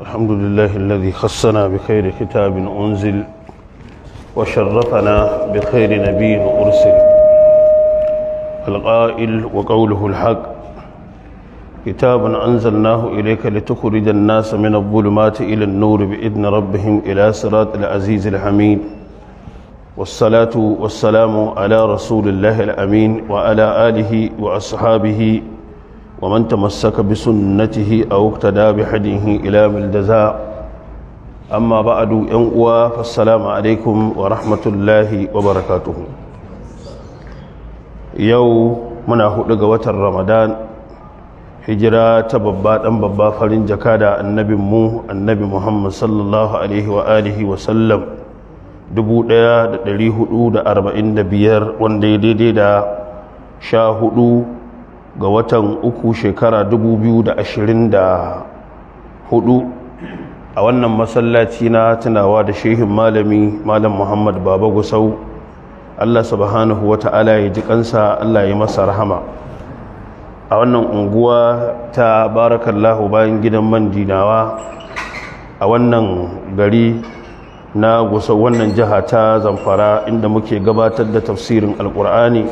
الحمد لله الذي خصنا بخير كتاب أنزل وشرفنا بخير نبي أرسل القائل وقوله الحق كتاب أنزلناه إليك لتخرج الناس من الظلمات إلى النور بإذن ربهم إلى صراط العزيز الحميد والصلاة والسلام على رسول الله الأمين وعلى آله وأصحابه ومن تمسك بسنته أو اقتدى بحديه إلى بالجزاء أما بعد ينقوى فالسلام عليكم ورحمة الله وبركاته يو منا هدق وتر رمضان هجرة تببات أم ببا فلن جكادا النبي مو النبي محمد صلى الله عليه وآله وسلم دبو ديا دليه دو دا أربعين دبير وان دي دي دا شاهدو ga watan uku shekara 2024 a wannan masallaci na tunawa da shehin malami malam muhammad baba gusau allah subhanahu wa ta'ala ya ji kansa allah ya masa rahama a wannan unguwa ta barakallahu bayan gidan man dinawa a wannan gari na gusau wannan jiha ta zamfara inda muke gabatar da tafsirin alkur'ani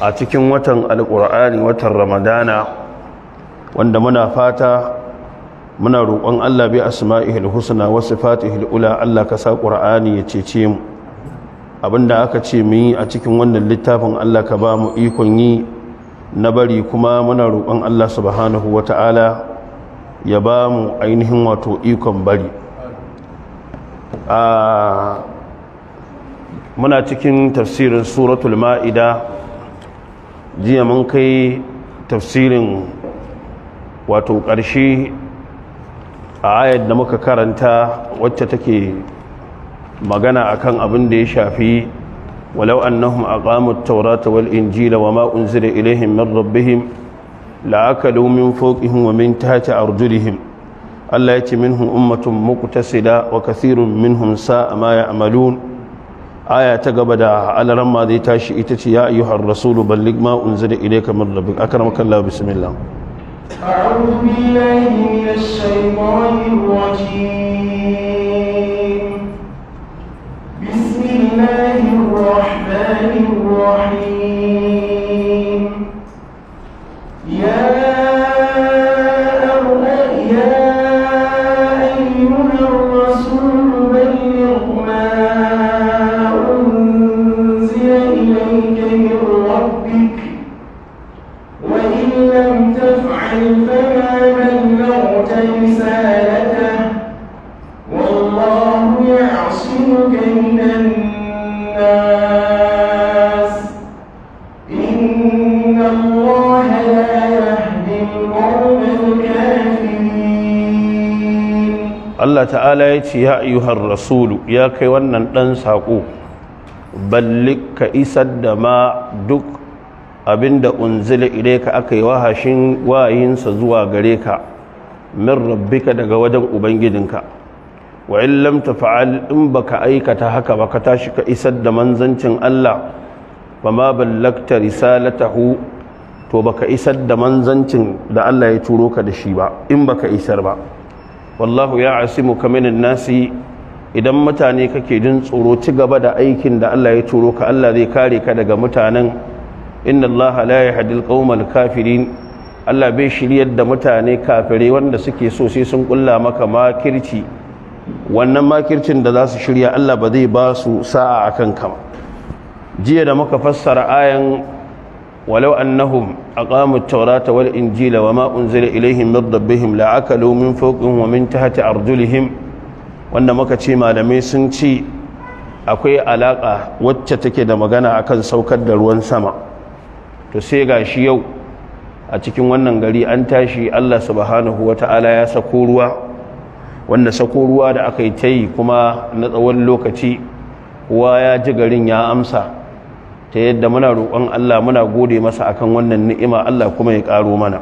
a cikin watan alƙur'ani watan ramadana wanda muna fata muna roƙon Allah bi asma'ihil husna wa sifatihil ula Allah ka sa ƙur'ani ya cece mu abinda aka ce mu yi a cikin wannan littafin Allah ka ba mu ikon yi na bari kuma muna roƙon Allah subhanahu wata'ala ya ba mu ainihin wato ikon bari muna cikin tafsirin suratul ma'ida jiya mun kai tafsirin wato ƙarshe a ayat da muka karanta wacce take magana akan abin da ya shafi walau annahum aqamu at-taurata wal injila wama unzila ilayhim min rabbihim la'akalu min fawqihim wa min tahti arjulihim Allah ya ce minhum ummatun muqtasida wa kathirun minhum sa'a ma ya'malun aya ta gaba da alaran ma zai tashi ita ce ya ayyuhar rasulu ballig ma unzila ilayka min rabbik akramaka Allah bismillah a'udhu billahi minash shaitanir rajim bismillahir rahmanir rahim ya ta'ala ya ce ya ayyuhar rasulu ya kai wannan ɗan saƙo ballik ka isar da ma duk abinda unzila ka aka yi wahashin wayinsa zuwa gare ka min rabbika daga wajen ubangijinka wa in lam tafa'al in baka aikata haka ba ka tashi ka isar da manzancin Allah fa ma ballakta risalatahu to baka isar da manzancin da Allah ya turo ka da shi ba in baka isar ba wallahu ya asimu kaminin nasi idan mutane kake jin tsoro ci gaba da aikin da Allah ya turo ka Allah zai kare ka daga mutanen inna Allah la yahdil qaumal kafirin Allah bai shiryar da mutane kafirai wanda suke so sai sun kulla maka makirci wannan makircin da za su shirya Allah ba zai ba su sa'a akan kama jiya da muka fassara ayan ولو أنهم أقاموا التوراة والإنجيل وما أنزل إليهم من ربهم لعكلوا من فوقهم ومن تحت أرجلهم wanda muka ce malamai sun ce akwai alaƙa wacce take da magana akan saukar da ruwan sama to sai ga shi yau a cikin wannan gari an tashi Allah subhanahu wata'ala ya sako ruwa wanda sako ruwa da aka yi ta yi kuma na tsawon lokaci kuwa ya ji garin ya amsa ta yadda muna roƙon Allah muna gode masa akan wannan ni'ima Allah kuma ya ƙaro mana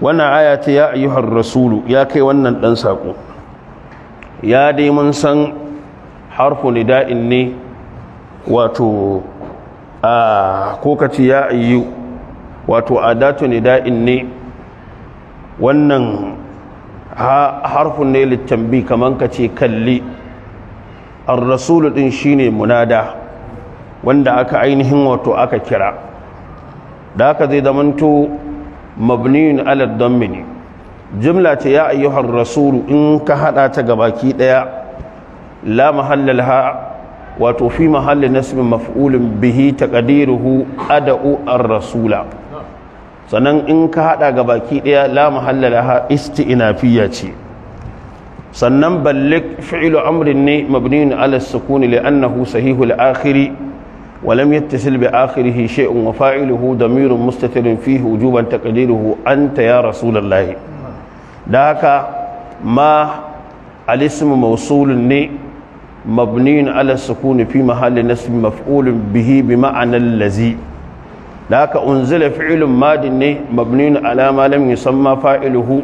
wannan aya ta ya ayyuhar rasulu ya kai wannan ɗan saƙo ya dai mun san harfu nida'in ne wato a kokaci ya ayyu wato adatu nida'in ne wannan harfu ne littambi kaman ka ce kalli ar-rasulu din shine munada wanda aka ainihin wato aka kira da aka zai zamanto mabniyun alad dammi ne jumla ce ya ayyuhar rasulu in ka hada ta gabaki daya la mahallalaha wato fi mahalli nasbin maf'ulin bihi taqdiruhu ad'u ar-rasula sannan in ka hada gabaki daya la mahallalaha isti'nafiyya ce sannan ballig fi'lu amrin ne mabniyun ala sukuni li'annahu sahihul akhiri ولم يتصل بآخره شيء وفاعله ضمير مستتر فيه وجوبا تقديره أنت يا رسول الله ذاك ما الاسم موصول ني مبني على السكون في محل نسب مفعول به بمعنى الذي ذاك أنزل فعل ماد ني مبني على ما لم يسمى فاعله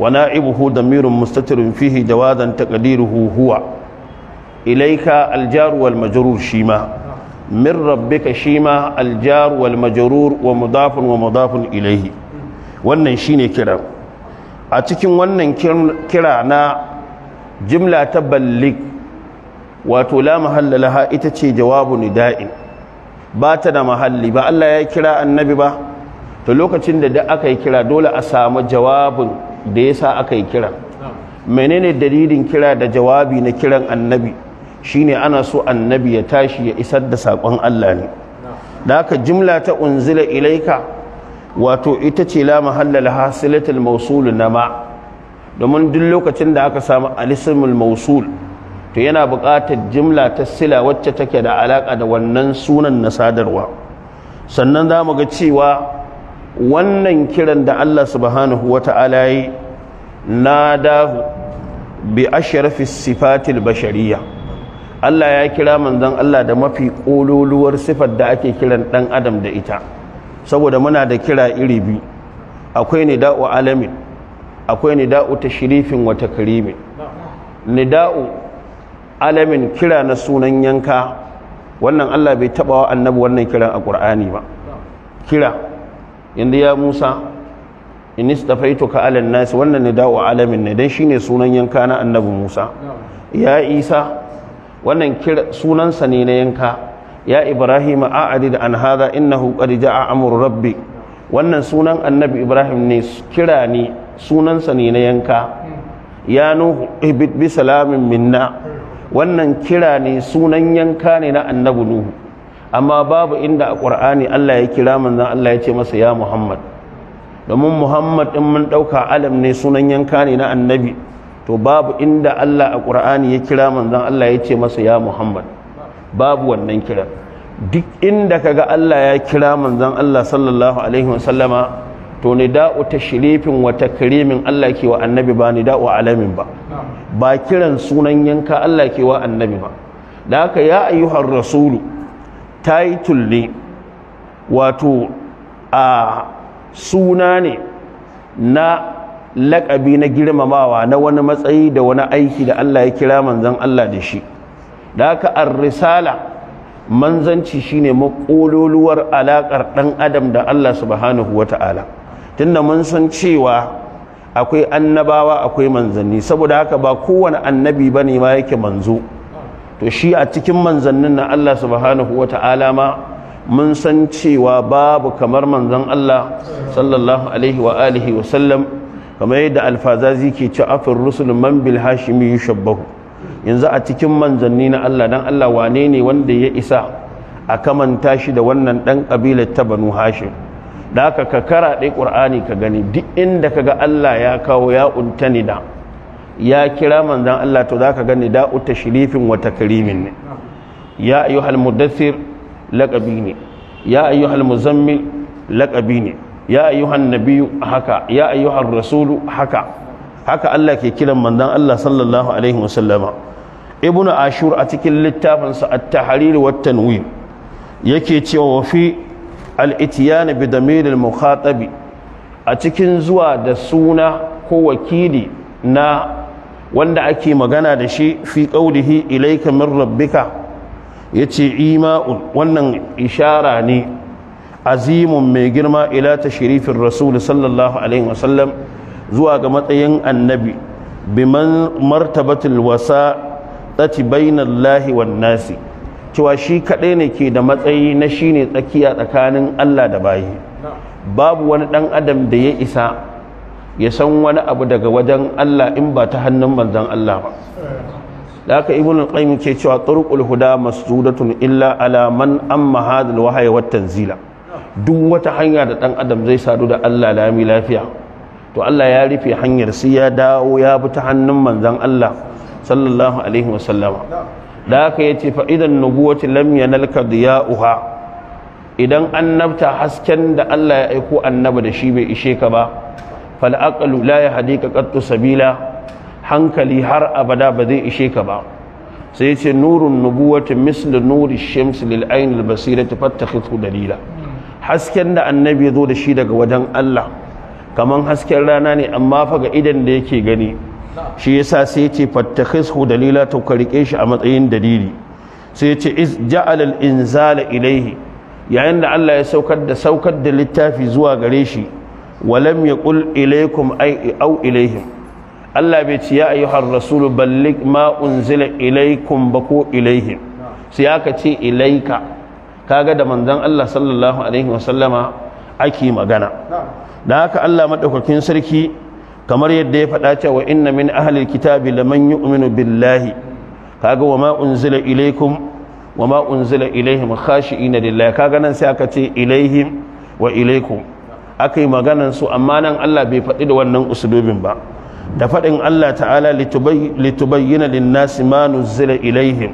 ونائبه ضمير مستتر فيه جوازا تقديره هو إليك الجار والمجرور شيما min rabbika shima aljar wal majrur wa mudafun wa mudafun ilaihi. wannan ne kira a cikin wannan kira na jimla ta ballik wato la mahalla ita ce jawabu nida'in ba ta da mahalli ba Allah ya kira annabi ba ta lokacin da aka yi kira dole a samu jawabin da yasa aka yi kira menene dalilin kira da jawabi na kiran annabi shine ana so annabi ya tashi ya isar da sakon Allah ne da haka jimla ta unzila ilaika wato ita ce la mahalla laha silatul mawsul nama domin duk lokacin da aka samu alisimul mawsul to yana buƙatar jimla ta sila wacce take da alaƙa da wannan sunan na sadarwa sannan za mu ga cewa wannan kiran da Allah subhanahu wata'ala yi nadahu bi ashrafis sifatil bashariyah Allah ya kira manzon Allah da mafi kololuwar sifar da ake kiran dan adam da ita saboda muna da kira iri biyu akwai nida'u alamin akwai nida'u tashrifin wa takrimin nida'u alamin kira na sunan yanka wannan Allah bai taba wa annabi wannan kiran a Qur'ani ba kira inda ya Musa in istafaituka ala nas wannan nida'u alamin ne dan shine sunan yanka na annabi Musa ya Isa wannan sunansa ne na yanka ya ibrahim a'adi da an hada innahu qad ja'a amru rabbi wannan sunan annabi ibrahim ne kira ne sunansa ne na yanka ya nuhu ibid bi salamin minna wannan kira ne sunan yanka ne na annabi nuhu amma babu inda a ƙur'ani Allah ya kira manzon Allah ya ce masa ya muhammad domin muhammad din mun ɗauka alam ne sunan yanka ne na annabi to babu inda Allah a ƙur'ani ya kira manzan Allah ya ce masa ya Muhammad babu wannan kiran duk inda ka ga Allah ya kira manzan Allah sallallahu alaihi wasallama to ta shirifin wata kirimin Allah ke wa annabi ba da'u alamin ba ba kiran sunan yanka Allah ke wa annabi ba da haka ya ayyuhar rasulu title ne wato a suna ne na laƙabi na girmamawa na wani matsayi da wani aiki da Allah ya kira manzan Allah da shi da haka ar-risala manzanci shine makololuwar alaƙar ɗan adam da Allah subhanahu ta'ala. tunda mun san cewa akwai annabawa akwai manzanni saboda haka ba kowane annabi ba ne ma yake manzo to shi a cikin manzannin na Allah subhanahu ta'ala ma mun san cewa babu kamar manzan Allah sallallahu alaihi wa alihi wa sallam kamar yadda alfazazi ke ci afin rusul man bil hashimi yushabbahu yanzu a cikin manzanni na Allah dan Allah wane ne wanda ya isa a kamanta shi da wannan dan kabilar ta banu hashim da haka ka kara dai qur'ani ka gani duk inda kaga Allah ya kawo ya da ya kira manzan Allah to zaka gani da'u shirifin wata takrimin ne ya ayyuhal mudaththir laqabi ne ya ayyuhal muzammil laqabi ne ya ayyuhan nabiyu haka ya ayyuhan rasulu haka haka Allah ke kiran manzon Allah sallallahu alaihi wasallama ibnu ashur a cikin littafinsa at-tahrir wa tanwir yake cewa fi al-ityan bi damir al-mukhatabi a cikin zuwa da suna ko wakili na wanda ake magana da shi fi qawlihi ilayka min rabbika yace ima'un wannan ishara ne azimun mai girma ila ta shirifin rasul sallallahu alaihi wasallam zuwa ga matsayin annabi biman martabatul wasa tsati bainan lahi wan nasi cewa shi kaɗai ne ke da matsayi na shi ne tsakiya tsakanin allah da bayi babu wani ɗan adam da ya isa ya san wani abu daga wajen allah in ba ta hannun manzan allah ba da haka ibn al-qayyim ke cewa turqul huda masdudatun illa ala man amma hadal wahyi wat tanzila duk wata hanya da ɗan adam zai sadu da Allah lami lafiya to Allah ya rufe hanyar sai ya dawo ya bi ta hannun manzon Allah sallallahu alaihi wasallama da haka yace fa idan nubuwati lam yanalka uha idan annabta hasken da Allah ya aiko annaba da shi bai ishe ka ba fal aqlu la yahdika qattu sabila hankali har abada ba zai ishe ka ba sai yace nurun nubuwati mislu nuri shams lil ayn al basirati fattakhithu dalila hasken da annabi zo da shi daga wajen Allah kaman hasken rana ne amma fa ga idan da yake gani shi yasa sai yace fattakhishu dalila to ka shi a matsayin dalili sai yace iz ja'ala al-inzala ilayhi yayin da Allah ya saukar da saukar da littafi zuwa gare shi walam yaqul ilaykum ay au ilayhim Allah bai ce ya ayyuhar rasulu balligh ma unzila ilaykum ba ko ilayhim sai aka ce ilayka kaga da manzon Allah sallallahu alaihi wasallama ake magana da haka Allah madaukakin sarki kamar yadda ya faɗa cewa inna min ahlil kitabi laman yu'minu billahi kaga wa ma unzila ilaikum wa unzila ilaihim khashi'ina lillahi kaga nan sai aka ce ilaihim wa ilaikum akai maganan su amma nan Allah bai faɗi da wannan usulubin ba da faɗin Allah ta'ala litubayyana lin-nasi ma nuzila ilaihim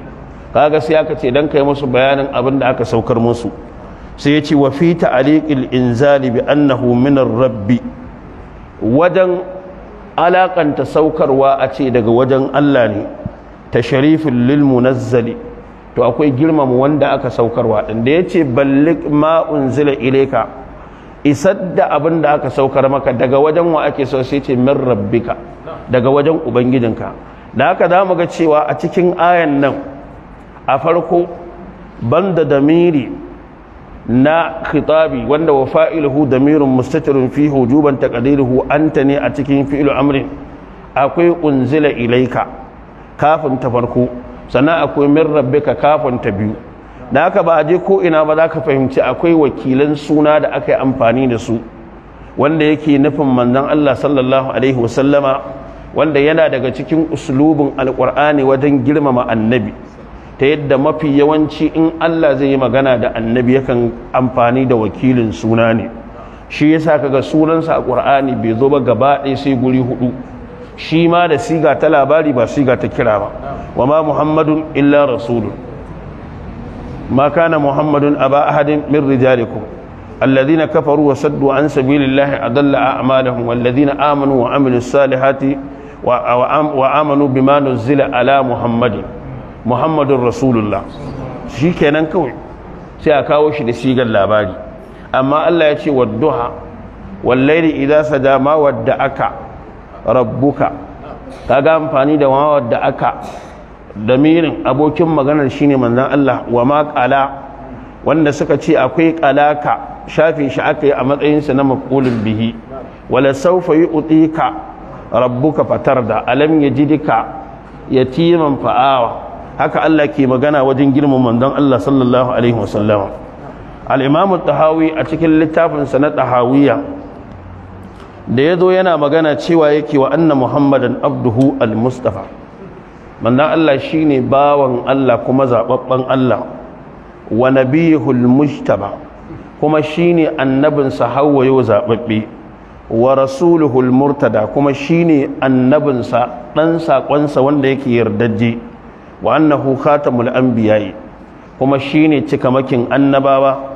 kaga sai aka ce dan kai musu bayanin abin da aka saukar musu sai ya ce wa fi ta'liqil inzali bi annahu min rabbi wajen alakanta saukarwa a ce daga wajen Allah ne ta sharifin lil munazzal to akwai girmama wanda aka saukarwa din da yace balliq ma unzila ilayka isar da abin da aka saukar maka daga wajen wa ake so sai ce min rabbika daga wajen ubangijinka da haka zamu ga cewa a cikin ayan nan a farko banda damiri na khitabi wanda wa fa'iluhu damirun mustatirun fi hujuban taqdiruhu anta ne a cikin fi'il amrin akwai unzila ilaika kafin ta farko sannan akwai min rabbika kafin ta biyu da aka ba a je ko ina ba za ka fahimci akwai wakilan suna da aka yi amfani da su wanda yake nufin manzon Allah sallallahu alaihi wasallama wanda yana daga cikin usulubin alkur'ani wajen girmama annabi ta yadda mafi yawanci in Allah zai yi magana da annabi yakan amfani da wakilin suna ne shi yasa kaga sunansa a Qur'ani bai zo ba gaba ɗaya sai guri hudu shi ma da siga ta labari ba siga ta kira ba wa ma Muhammadun illa rasulun ma kana Muhammadun aba ahadin min rijalikum الذين كفروا وصدوا عن سبيل الله أضل أعمالهم والذين آمنوا salihati الصالحات وآمنوا بما نزل على muhammadun rasulullah shi kenan kawai sai a kawo shi da sigar labari amma allah ya ce wadduha wallaili idan sada wadda aka rabbuka ga amfani da ma wadda aka damirin abokin maganar shine manzan allah wa ma kala wanda suka ce akwai qalaka shafe shi aka yi a matsayinsa na makulin bihi wala sawfa ka rabbuka da alam yajidika yatiman fa'awa haka Allah ke magana wajen girmama manzon Allah sallallahu alaihi al tahawi a cikin littafin sa na tahawiyya da yazo yana magana cewa yake wa anna muhammadan abduhu al-mustafa manzon Allah shine bawan Allah kuma zababban Allah wa nabiyul mujtaba kuma shine annabin sa yau zababbe wa rasuluhul murtada kuma shine annabinsa dan sa wanda yake yardajje wa annahu khatamul anbiya'i kuma shine cikamakin annabawa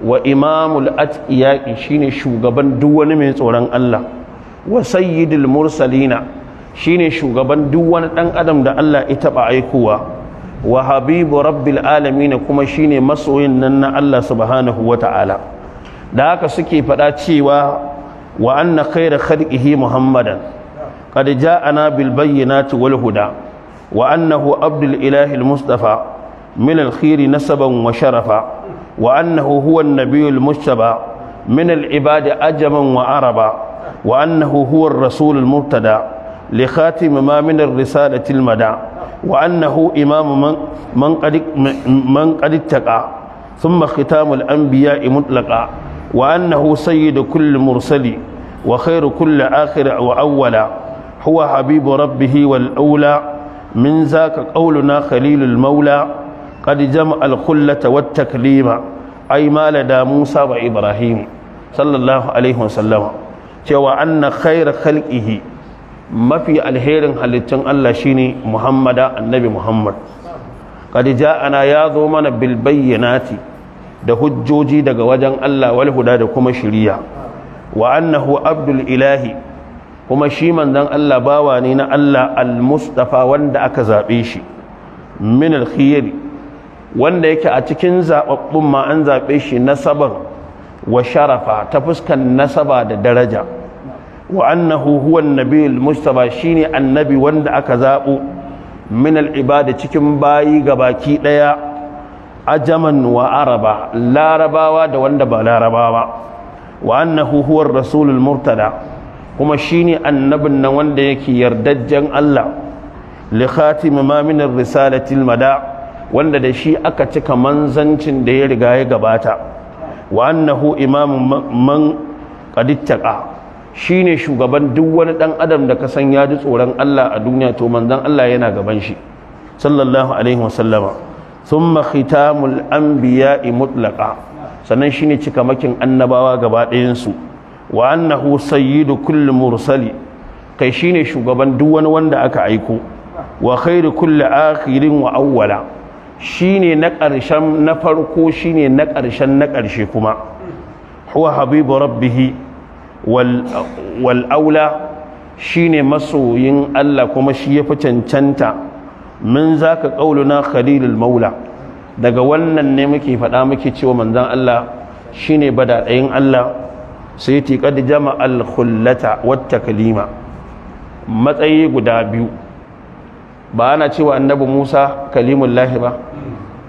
wa imamul atqiyai shine shugaban duk wani mai tsoron Allah wa sayyidul mursalina shine shugaban duk wani dan adam da Allah ya taba aikowa wa habibu rabbil alamin kuma shine masoyin nan na Allah subhanahu wata'ala da haka suke faɗa cewa wa anna khayra khalqihi muhammadan qad ja'ana bil bayyinati wal huda وأنه عبد الإله المصطفى من الخير نسبا وشرفا وأنه هو النبي المجتبى من العباد أجما وعربا وأنه هو الرسول المرتدى لخاتم ما من الرسالة المدى وأنه إمام من, من, قد, من قد اتقى ثم ختام الأنبياء مطلقا وأنه سيد كل مرسل وخير كل آخر وأولا هو حبيب ربه والأولى min zaka qauluna khalilul maula qad jama'a al-khullata wat taklima ay mala Musa wa Ibrahim sallallahu alaihi wasallam cewa anna kaira khalqihi mafi alherin halittun Allah shine Muhammada annabi Muhammad qad ja'ana ya zo mana bil bayyinati da hujjoji daga wajen Allah wal huda da kuma shiriya wa annahu abdul ilahi kuma shi manzon Allah bawa ne na Allah al-Mustafa wanda aka zabe shi min al wanda yake a cikin zababbun ma an zabe shi nasaban wa sharafa ta fuskan nasaba da daraja wa annahu huwa an al-Mustafa shine annabi wanda aka zabo min al-ibada cikin bayi gabaki daya ajaman wa araba larabawa da wanda ba larabawa wa annahu huwa ar-rasulul murtada kuma shine annabin nan wanda yake yardajjen Allah li khatim ma min ar-risalati al-mada wanda da shi aka cika manzancin da ya riga ya gabata wa annahu imamun man qad shi shine shugaban duk wani dan adam da ka san ya ji tsoron Allah a duniya to manzon Allah yana gaban shi sallallahu alaihi wasallama thumma khitamul anbiya'i mutlaqa sannan shine cikamakin annabawa gaba ɗayan su wa annahu sayyidu kulli mursali kai shine shugaban duk wani wanda aka aiko wa khairu kulli akhirin wa awwala shine na ƙarshen na farko shine na ƙarshen na ƙarshe kuma huwa habibu rabbih wal wal aula shine masoyin Allah kuma shi yafi cancanta min zaka qauluna khalilul maula daga wannan ne muke faɗa muke cewa manzon Allah shine badaɗayin Allah sai ti kad jama al khullata wat taklima matsayi guda biyu ba ana cewa annabi Musa kalimullahi ba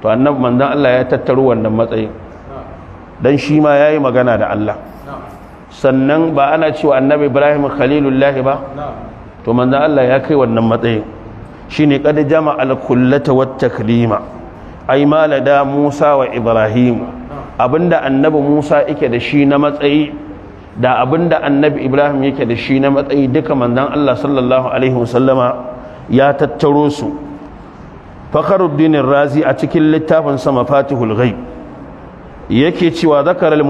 to annabi manzon Allah ya tattaru wannan matsayin dan shi ma yayi magana da Allah sannan ba ana cewa annabi Ibrahim khalilullahi ba to manzon Allah ya kai wannan matsayin shine kad jama al khullata wat taklima ai malada Musa wa Ibrahim abinda annabi Musa yake da shi na matsayi da abin da annabi ibrahim yake da shi na matsayi duka manzan allah sallallahu alaihi wasallama ya tattaro su fakaruddin razi a cikin littafin sama fatihul ghaib yake cewa zakara al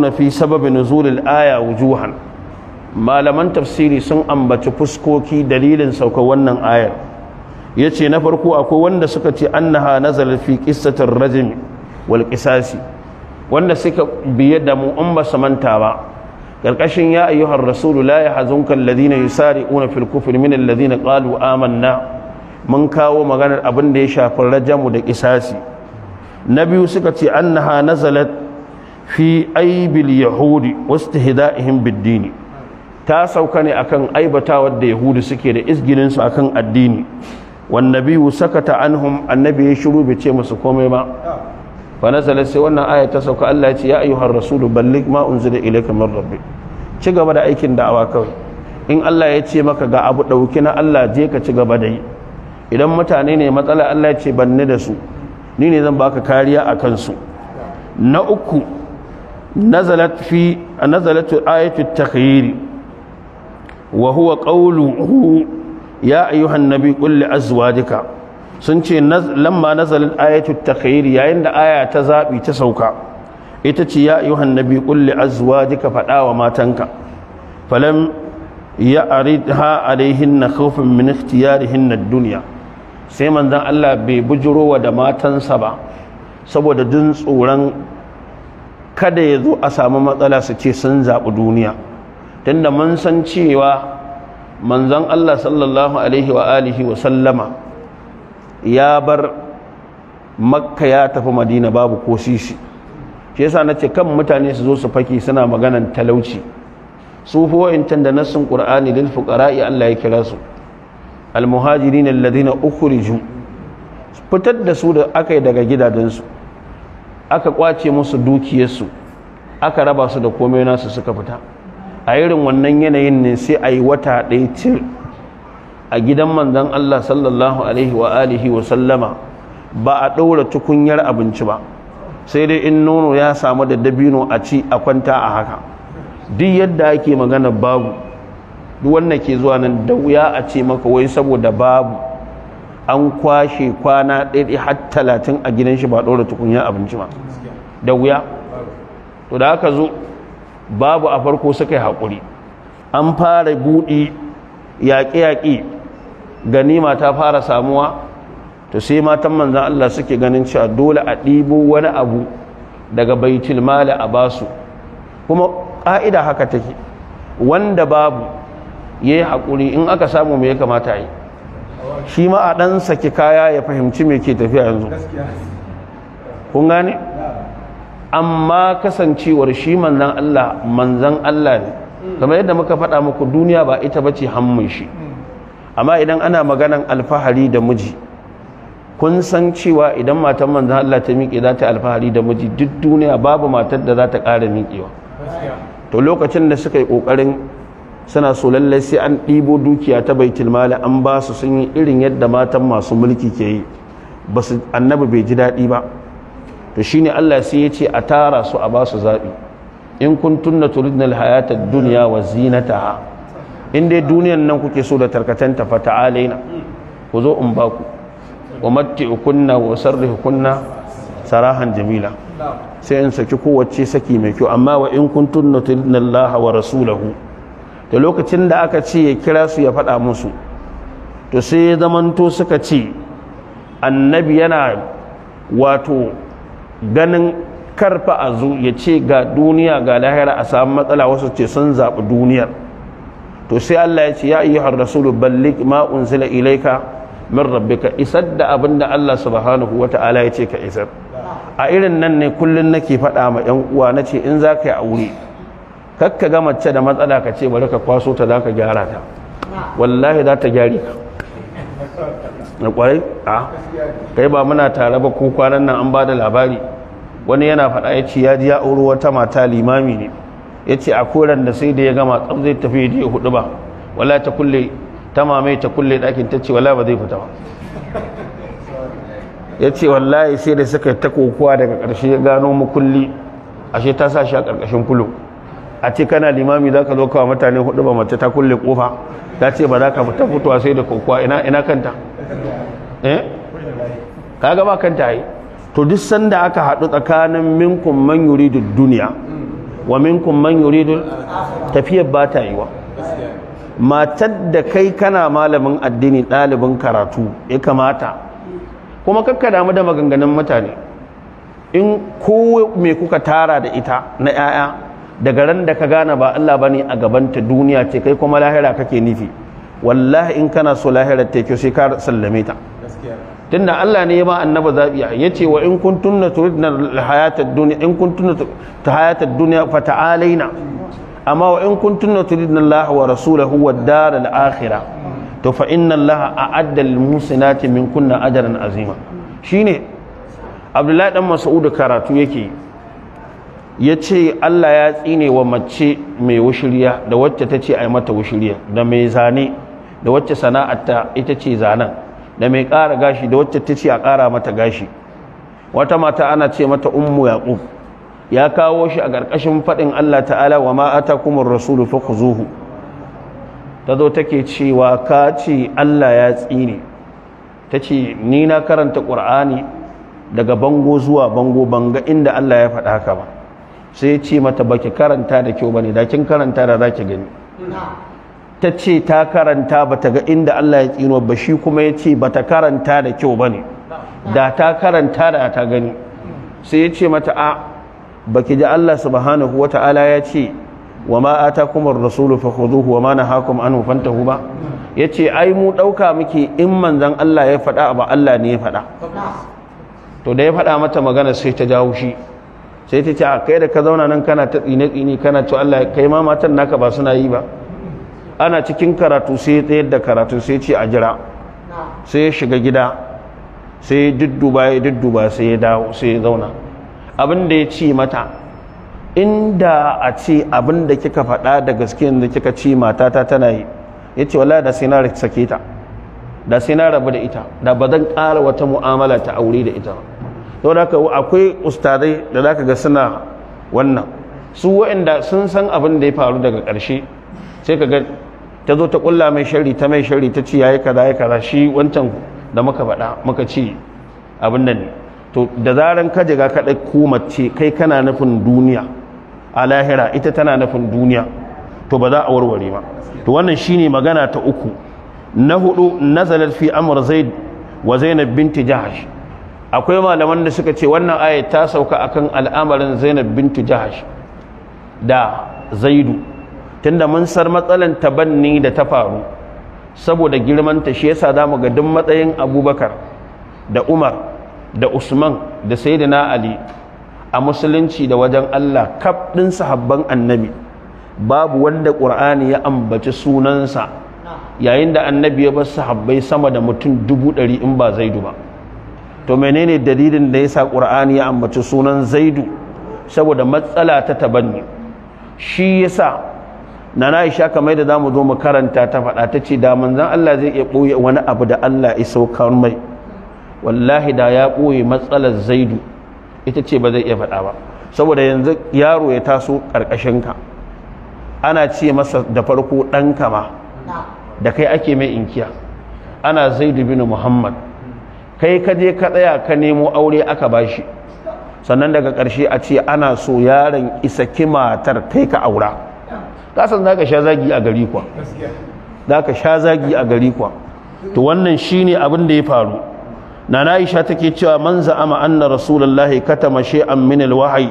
na fi sababi nuzulil aya wujuhan malaman tafsiri sun ambaci fuskoki dalilin sauka wannan ayar ya ce na farko akwai wanda suka ce annaha na fi qissatir rajim wal qisasi wanda suka biye da mu in ba manta ba karkashin ya ayyuhar rasulu la yahzunka alladhina yusari'una una kufri min alladhina kalu amanna mun kawo maganar abin da ya shafi rajamu da kisasi na biyu suka ce annaha nazalat fi aibil yahudi wastihda'ihim ihin biddini ta sauka ne akan aibatawar da yahudi suke da isgilin su akan addini biyu nabiyyu sakata anhum annabi ya shiru bai ce musu komai ba fa nazala sai wannan aya ta sauka Allah ya ce ya ayyuhar rasulu balligh ma unzila ilayka min rabbik ci gaba da aikin da'awa kawai in Allah ya ce maka ga abu dauki na Allah je ka ci gaba da yi idan mutane ne matsala Allah ya ce banne da su ni ne zan baka kariya a su. na uku nazalat fi nazalat ayatu takhyir wa huwa qawluhu ya ayyuhan nabi qul li azwajika sun ce lamma nazalin ayatu takhayyir yayin da aya ta zabi ta sauka ita ce ya ayyuhan nabi qul li azwajika fada matanka falam ya'ridha alaihinna khawfan min ikhtiyarihinna ad-dunya sai manzon Allah bai bujuro wa da matansa ba saboda jin tsoron kada ya zo a samu matsala su ce sun zaɓi duniya tunda mun san cewa manzon Allah sallallahu alaihi wa alihi wa sallama ya bar makka ya tafi madina babu ko sisi shi yasa na ce kan mutane su zo su faki suna maganan talauci su fi wa'intan da nassin ƙur'ani lil fuqara'i Allah ya kira su almuhajirin alladhina ukhriju fitar da su da aka yi daga gidajensu aka kwace musu dukiyarsu aka raba su da komai nasu suka fita a irin wannan yanayin ne sai a yi wata ɗaya cir a gidan manzon Allah sallallahu alaihi wa alihi wa sallama ba a ɗaura tukunyar abinci ba sai dai in nono ya samu da dabino a ci a kwanta a haka duk yadda ake magana babu duk wanda ke zuwa nan da wuya a ce maka wai saboda babu an kwashe kwana ɗaya har talatin a gidan shi ba ɗora tukunyar abinci ba da wuya to da aka zo babu a farko suka yi haƙuri an fara buɗi yaƙe-yaƙe ganima ta fara samuwa to sai matan manzan Allah suke ganin cewa dole a ɗibo wani abu daga baitul mali a basu kuma ƙa'ida haka take wanda babu yayi hakuri in aka samu me ya kamata yi shi ma a ɗan saki kaya ya fahimci me ke tafiya yanzu kun gane amma kasancewar shi manzan Allah manzan Allah ne kamar yadda muka faɗa muku duniya ba ita bace hammun shi amma idan ana maganan alfahari da miji kun san cewa idan matan manzan Allah ta miƙe za ta alfahari da miji duk duniya babu matar da za ta ƙara miƙewa to lokacin da suka yi ƙoƙarin suna so lallai sai an ɗibo dukiya ta bai tilmali an ba su sun yi irin yadda matan masu mulki ke yi ba su annabi bai ji daɗi ba to shine Allah sai ya ce a tara su a ba su zaɓi in kun tunna alhayata ad duniya wa zinataha in dai duniyan nan kuke so da tarkatan ta fa ta'alaina ku zo in baku wa matti'ukunna wa hukunna sarahan jamila sai in saki kowace saki mai kyau amma wa in kuntun nutilna Allah wa rasulahu da lokacin da aka ce ya kira su ya faɗa musu to sai ya zamanto suka ce annabi yana wato ganin karfa a zu ya ce ga duniya ga lahira a samu matsala wasu ce sun zaɓi duniyar to sai Allah ya ce ya ayyuhar rasulu balligh ma unzila ilayka min rabbika isar da abin Allah subhanahu wata'ala ya ce ka isar a irin nan ne kullun nake faɗa ma ƴan uwa nace in za ka yi aure kakka ga mace da matsala ka ce bari ka kwaso ta za ka gyara ta wallahi za ta gyare ka na kwarai a kai ba muna tare ba ko kwanan nan an ba da labari wani yana faɗa ya ce ya ji ya auri wata mata limami ne yace a koran da sai da ya gama tsam zai tafi da ya hudu ba wala ta kulle ta mamaye ta kulle dakin tace wala ba zai fita ba yace wallahi sai da suka ta kokuwa daga karshe ya gano mu kulli ashe ta sa shi a karkashin kulo a ce kana limami zaka zo kawo mutane hudu ba mace ta kulle kofa ta ce ba za ka fita fitowa sai da kokuwa ina ina kanta eh kaga ba kanta yi to duk sanda aka haɗu tsakanin minkum man yuridu duniya wa minkum man yuridu tafiyar ba ta yiwa matar da kai kana malamin addini ɗalibin karatu ya kamata kuma kakka damu da maganganun mutane in kowai me kuka tara da ita na 'ya'ya daga ran da ka gane ba Allah ne a gabanta duniya ce kai kuma lahira kake nufi wallahi in kana so lahirar ta kyau sai ka sallame ta tunda Allah ne ya ba annaba zabi ce wa in kuntunna turidna hayatad dunya in kuntunna ta hayatad dunya fa ta'alaina amma wa in kuntunna turidna Allah wa rasulahu wad daral akhirah to fa inna Allah a'adda lil musinati min kunna ajran azima shine Abdullahi dan Mas'ud karatu yake yace Allah ya tsine wa mace mai wushiriya da wacce tace ai mata wushiriya da mai zane da wacce sana'arta ita ce zanen da mai ƙara gashi da wacce ta ce a ƙara mata gashi wata mata ana ce mata ummu yaqub ya kawo shi a ƙarƙashin faɗin Allah ta'ala wa ma atakumur rasulu fakhuzuhu ta zo take cewa ka ce Allah ya tsine ta ce ni na karanta ƙur'ani daga bango zuwa bango banga inda Allah ya faɗa haka ba sai ya ce mata baki karanta da kyau bane da kin karanta da zaki gani ta ce ta karanta bata ga inda Allah ya tsino ba shi kuma ya ce bata karanta da kyau ba ne da ta karanta da ta gani sai ya ce mata a baki ji Allah subhanahu wa ta'ala ya ce wa ma ta kuma rasulu fakhuduhu wa ma nahakum anhu fantahu ba ce ai mu ɗauka muke in manzon Allah ya faɗa ba Allah ne ya faɗa to da ya faɗa mata magana sai ta jawo shi sai ta ce a kai da ka zauna nan kana ta tsine tsine kana to Allah kai ma matan naka ba suna yi ba ana cikin karatu sai ya tsayar da karatu sai ce a jira sai ya shiga gida sai ya dudduba ya dudduba sai ya dawo sai ya zauna abinda ya ci mata inda a ce abinda kika faɗa da gaske da kika ce matata tana yi ya ce wala da sai na sake ta da sai na rabu da ita da ba zan ƙara wata mu'amala ta aure da ita ba da ka akwai ustadai da zaka ga suna wannan su waɗanda sun san abin da ya faru daga karshe sai ka ga ta zo ta kulla mai shari ta mai shari ta ce yayi kaza yayi kaza shi wancan da muka faɗa muka ce abin nan ne to da zaran ka jiga ka kuma ce kai kana nufin duniya a lahira ita tana nufin duniya to ba za a warware ma. to wannan shine magana ta uku na hudu nazalat fi amr zaid wa zainab binti jahash akwai malaman da suka ce wannan aya ta sauka akan al'amarin zainab binti jahash da zaidu tunda mun san matsalan tabanni da ta faru saboda girmanta shi yasa zamu ga duk matsayin abubakar da umar da usman da sayyidina ali a musulunci da wajen allah kaf din sahabban annabi babu wanda ƙur'ani ya ambaci sunansa yayin da annabi ya bar sahabbai sama da mutum dubu ɗari in ba zaidu ba to menene dalilin da yasa ƙur'ani ya ambaci sunan zaidu saboda matsala ta tabanni shi yasa na na isha kamar da zamu zo mu karanta ta faɗa ta ce da manzon Allah zai iya ɓoye wani abu da Allah ya saukar mai wallahi da ya ɓoye matsalar zaidu ita ce ba zai iya faɗa ba saboda yanzu yaro ya taso karkashin ka ana ce masa da farko ka ma da kai ake mai inkiya ana zaidu bin muhammad kai ka je ka tsaya ka nemo aure aka bashi sannan daga karshe a ce ana so yaron isa kimatar kai ka aura kasan za ka sha zagi a gari kwa za ka sha zagi a gari kwa to wannan shine abin da ya faru nana aisha take cewa man za'ama anna rasulullahi katama shay'an min alwahyi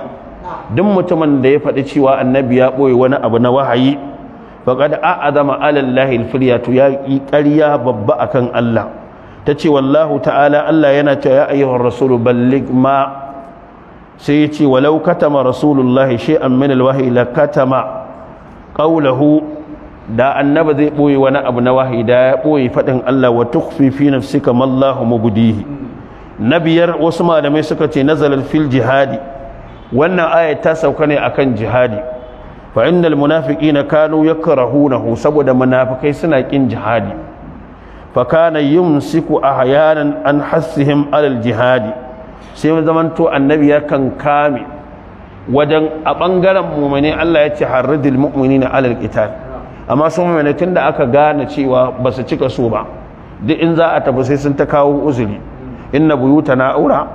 duk mutumin da ya faɗi cewa annabi ya ɓoye wani abu na wahayi faqad a'azama ala allahi alfiryatu ya yi ƙarya babba akan Allah tace wallahu ta'ala Allah yana cewa ya ayyuhar rasulu balligh ma sai ya ce walau katama rasulullahi shay'an min alwahyi la katama qawluhu da annaba zai boye wani abu na wahayi da ya boye fadin Allah wa tukhfi fi nafsika ma Allahu mubdihi nabiyar wasu malamai suka ce nazalar fil jihadi wannan aya ta sauka ne akan jihadi fa innal munafiqina kanu yakrahunahu saboda munafikai suna kin jihadi fa kana yumsiku ahyanan an hassihim alal jihadi sai zaman to annabi yakan kame wajen a ɓangaren mummuni Allah ya ce harridil mu'mini na alal qital amma su mummuni tun da aka gane cewa ba su cika so ba duk in za a tafi sai sun ta kawo uzuri In na buyuta na aura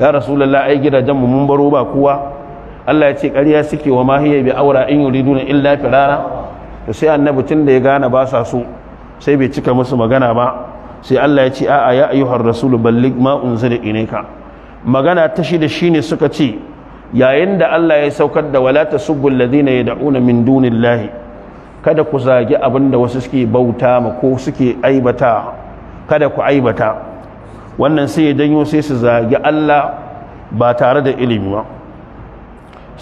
ya rasulullah ai gidajen mu mun baro ba kowa Allah ya ce ƙarya suke wa mahiya bi aura in yuriduna illa firara to sai annabi tun da ya gane ba sa so sai bai cika musu magana ba sai Allah ya ce a'a ya ayyuhar rasulu balligh ma unzila ilayka magana ta shi da shine suka ce yayin da Allah ya saukar da walata subul ladina yad'una min dunillahi kada ku zagi abinda wasu suke bauta ma ko suke aibata kada ku aibata wannan sai ya danyo sai su zagi Allah ba tare da ilimi ba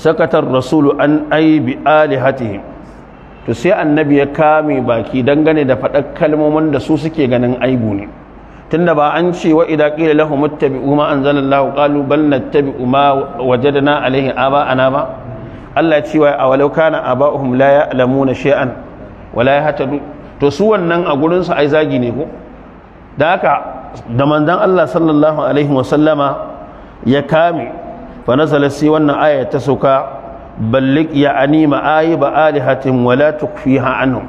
sakatar rasulu an aibi alihatihi to sai annabi ya kame baki dangane da faɗar kalmomin da su suke ganin aibu ne tunda ba an ce wa idza qila lahum ittabi'u ma anzalallahu qalu bal nattabi'u ma wajadna alayhi aba'ana ba Allah cewa a walau kana aba'uhum la ya'lamuna shay'an wa la yahtadu to su wannan a gurin su ai zagi ne ko da haka da manzon Allah sallallahu alaihi wa sallama ya kame fa nazala sai wannan aya ta sauka ballik ya ani ma'ayi ba alihatin wala tukfiha anhum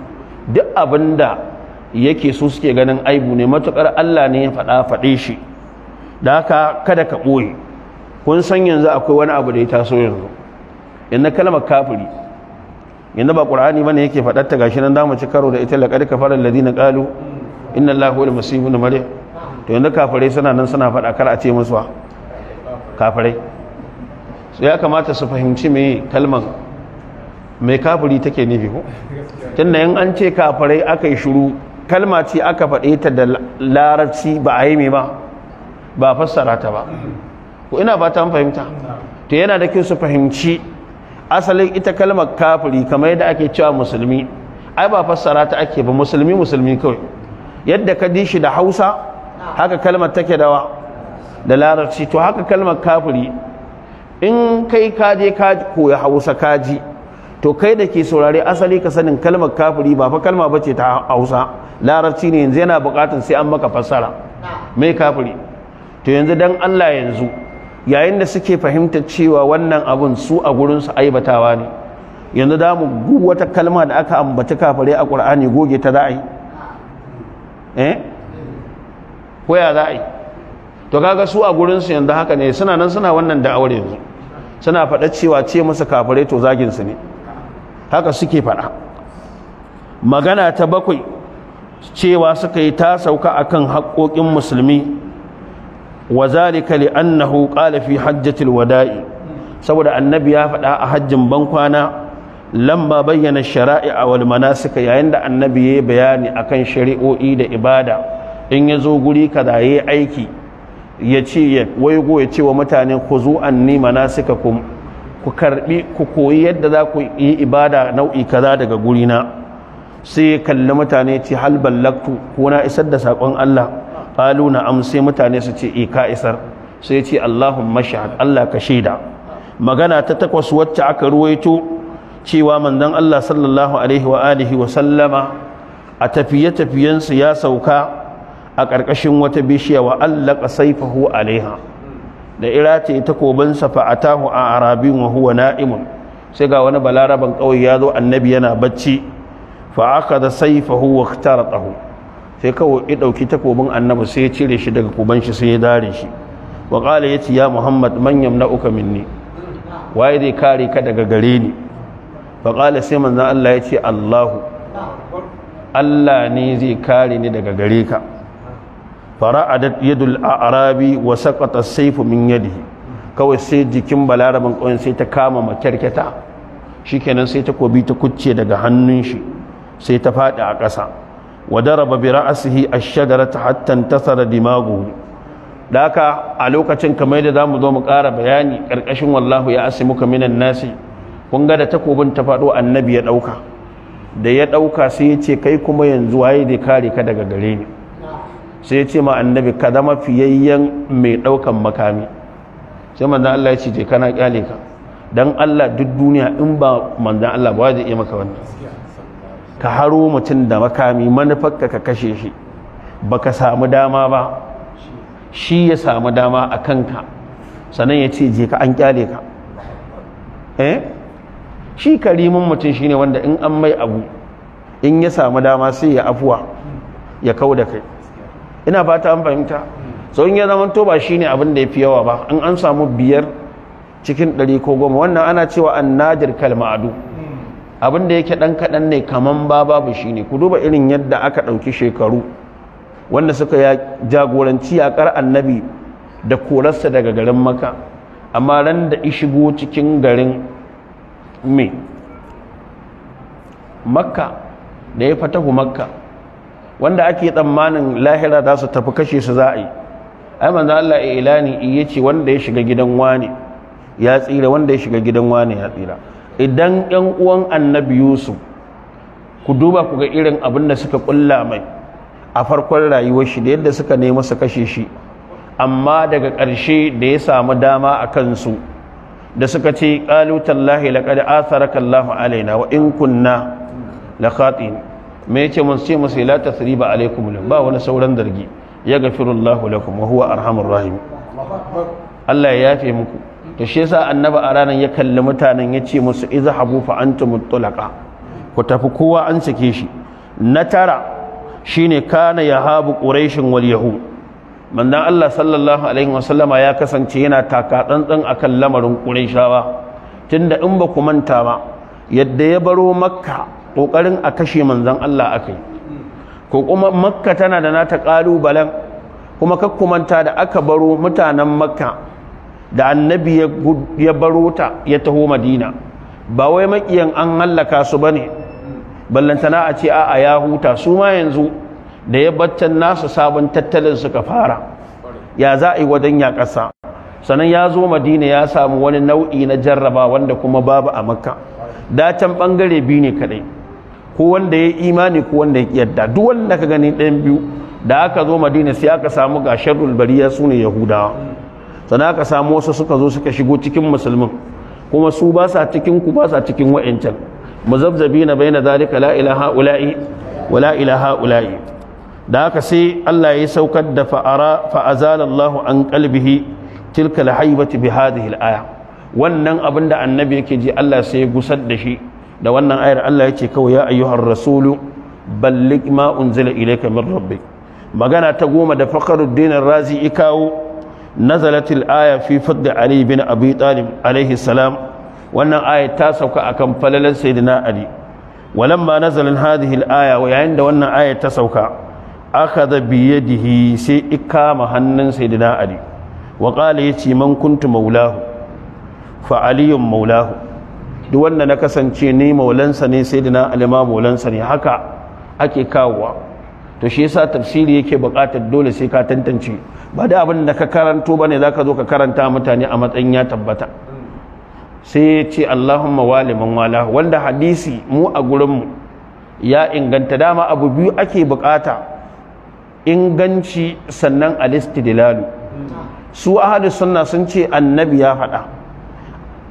duk abinda yake so suke ganin aibu ne matukar Allah ne ya faɗa faɗe shi da haka kada ka ɓoye kun san yanzu akwai wani abu da ya taso yanzu inna kalmar kafiri inna ba qur'ani bane yake faɗar ta gashi nan mu ci karo da ita laqad kafara alladhina qalu inna allaha huwal masih ibn maryam to yanzu kafirai suna nan suna faɗa kar a ce musu kafirai so ya kamata su fahimci me kalman mai kafiri take nufi ko tunda in an ce kafirai aka yi shiru kalma ce aka faɗe ta da larabci ba a yi mai ba ba fassara ta ba ko ina ba ta fahimta to yana da kyau su fahimci asalin ita kalmar kafiri kamar yadda ake cewa musulmi ai ba fassara ta ake ba musulmi musulmi kawai yadda ka dishi da hausa haka kalmar take dawa da larabci to haka kalmar kafiri in kai kaje ka koya hausa kaji to kai da ke saurari asali ka sanin kalmar kafiri ba fa kalma bace ta hausa larabci ne yanzu yana buƙatar sai an maka fassara mai kafiri to yanzu dan Allah yanzu yayin da suke fahimtar cewa wannan abun su a gurinsu aibatawa ne yanzu da mu gu wata kalma da aka ambaci kafare a ƙur'ani goge ta za'ai yi eh ko ya za'ai to kaga su a gurinsu yanzu haka ne suna nan suna wannan da aure yanzu suna faɗa cewa ce masa kafare to zaginsu ne haka suke faɗa magana ta bakwai cewa suka yi ta sauka a kan haƙoƙin musulmi wa zalika li'annahu fi hajjatil wada'i saboda annabi ya faɗa a hajjin bankwana lamba bayyana shari'a wal manasika yayin da annabi ya bayani akan shari'o'i da ibada in ya zo guri kaza ya aiki ya ce ya waigo ya ce wa mutane ku zo anni manasikakum ku karbi ku koyi yadda za ku yi ibada nau'i kaza daga gurina sai ya kalli mutane ce hal ballaktu ko na isar da sakon Allah qalu na amsa mutane su ce e ka isar sai ya ce Allahumma shahad Allah ka shaida magana ta takwas wacce aka ruwaito cewa manzon Allah sallallahu alaihi wa alihi wa sallama a tafiye tafiyen su ya sauka a ƙarƙashin wata bishiya wa allaka saifahu alaiha da ta takobansa fa'atahu a arabin wa huwa na'imun sai ga wani balaraban ƙauye ya zo annabi yana bacci fa aka da saifahu wa ikhtaratahu sai kawai ya dauki takobin annabi sai ya cire shi daga kuban shi sai ya dare shi wa qala yati ya muhammad man yamna'uka minni waye zai kare ka daga gare ni fa qala sai manzon Allah ya ce Allahu Allah ne zai kare ni daga gare ka fara'adat yadul a'rabi wa saqata as-sayfu min kawai sai jikin balarabin ƙauyen sai ta kama makyarketa shikenan sai takobi ta kucce daga hannun shi sai ta faɗi a ƙasa wa daraba bi a ash ta hatta tasara dimaguhu daka a lokacin kamar da zamu zo mu ƙara bayani ƙarƙashin wallahu ya asimuka minan nasi kun ga da takobin ta faɗo annabi ya ɗauka da ya ɗauka sai ya ce kai kuma yanzu waye da kare ka daga gare ni sai ya ce ma annabi ka zama fiyayyen mai ɗaukan makami sai manzan Allah ya ce kana kyale ka dan Allah duk duniya in ba manzan Allah ba zai iya maka wannan ka haro mutum da makami manufarka ka kashe shi baka samu dama ba shi ya samu dama a kanka sannan ya ce je ka an kyale ka eh shi karimin mutum shine wanda in an mai abu in ya samu dama sai ya afuwa ya kau da kai ina fata an fahimta so in ya zama to ba shine abin da ya fi yawa ba in an samu biyar cikin ɗari ko goma wannan ana cewa an najir kalma'adu abin da yake ɗan kaɗan ne kaman ba babu shi ne ku duba irin yadda aka ɗauki shekaru wanda suka ya jagoranci yaƙar annabi da korarsa daga garin maka amma ran da ishigo cikin garin me makka da ya fatahu makka wanda ake tsammanin lahira za su tafi kashe su za a yi ai manzo Allah ya ilani ce wanda ya shiga gidan wani ya tsira wanda ya shiga gidan wani ya tsira idan yan uwan annabi yusuf ku duba ku ga irin abin da suka kulla mai a farkon rayuwar shi da yadda suka nemi su kashe shi amma daga ƙarshe da ya samu dama a kansu da suka ce qalu tallahi laqad atharaka Allahu alaina wa in kunna la khatin me ce mun ce musu la tasriba alaikum ba wani sauran zargi ya gafirullahu lakum wa huwa arhamur rahim Allah ya yafe muku to shi yasa annabi a ranar ya kalli mutanen ya ce musu izhabu fa antum mutlaqa ku tafi kowa an sake shi na tara shine kana yahabu quraishin wal yahud manzon Allah sallallahu alaihi wasallama ya kasance yana taka tsantsan akan lamarin quraishawa tunda in ba ku manta ba yadda ya baro makka kokarin a kashe manzon Allah akai ko kuma makka tana da nata kalubalen kuma kakkumanta da aka baro mutanen makka da annabi ya baro ta ya taho madina ba wai makiyan an hallaka su ba ne ballantana a ce a'a ya huta su ma yanzu da ya baccan nasu sabon tattalin suka fara ya za a yi wajen ya kasa sannan ya zo madina ya samu wani nau'i na jarraba wanda kuma babu a makka datan ɓangare biyu ne kaɗai ko wanda ya imani ko wanda ya yadda duk wanda ka gani ɗayan biyu da aka zo madina sai aka samu ga sharrul bariya su ne yahudawa sana ka samu wasu suka zo suka shigo cikin musulmin kuma su ba sa cikin ku ba sa cikin wa'ancan muzabzabina baina zalika la ilaha ula'i wa la ilaha ula'i da haka sai Allah ya saukar da fa'ara fa azalallahu an qalbihi tilka alhaybati bi hadhihi aya wannan abin da annabi yake ji Allah sai ya gusar da shi da wannan ayar Allah ya ce kawai ya ayyuhar rasulu balligh ma unzila ilayka min rabbik magana ta goma da faqruddin razi ikawo nazalatil aya fi fadli ali bin abi talib alaihi salam wannan aya ta sauka akan falalan sayyidina ali walamma nazalan hadhihi al-aya yayin da wannan aya ta sauka akhadha bi yadihi sai ikama hannun sayyidina ali wa qala yace man kuntu maulahu fa aliyun maulahu duk wanda na kasance ni maulansa ne sayyidina ali ma maulansa ne haka ake kawowa to shi yasa tafsiri yake buƙatar dole sai ka tantance ba da abin da ka karanto ba ne za ka zo ka karanta mutane a matsayin ya tabbata sai ya ce Allahumma waliman wala wanda hadisi mu a gurinmu ya inganta dama abu biyu ake bukata inganci sannan alistidilalu su ahli sunna sun ce annabi ya faɗa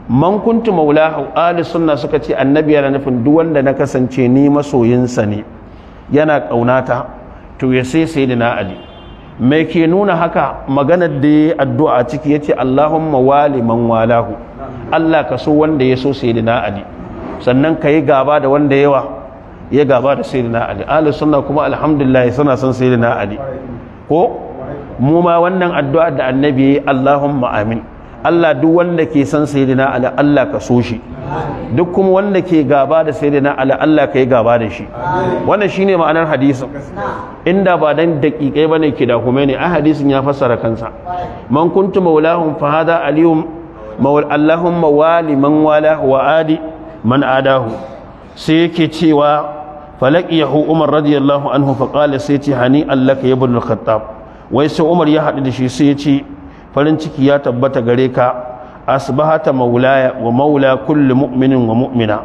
man kuntu maulahu ahli sunna suka ce annabi yana nufin duk wanda na kasance ni masoyinsa ne yana kaunata to ya sai na ali mai ke nuna haka maganar da ya addu'a ciki ya ce Allahumma wali man walahu Allah ka so wanda ya so sayyidina Ali sannan ka yi gaba da wanda yawa ya gaba da sayyidina Ali ahlus sunna kuma alhamdulillah suna son sayyidina Ali ko mu ma wannan addu'a da annabi Allahumma amin Allah duk wanda ke san sayyidina Ali Allah ka so shi duk kuma wanda ke gaba da sayyidina Ali Allah ka yi gaba da shi wannan shine ma'anar hadisin inda ba dan dakikai bane ke da kuma ne a hadisin ya fassara kansa man kuntu maulahum fa hada aliyum maul allahumma wali man wala wa adi man adahu sai yake cewa falaqiyahu umar radiyallahu anhu fa qala ce, hani Allah ya ibn khattab wai sai umar ya haɗu da shi sai ya ce farin ciki ya tabbata gare ka asbahata maulaya wa maula kulli mu'minin wa mu'mina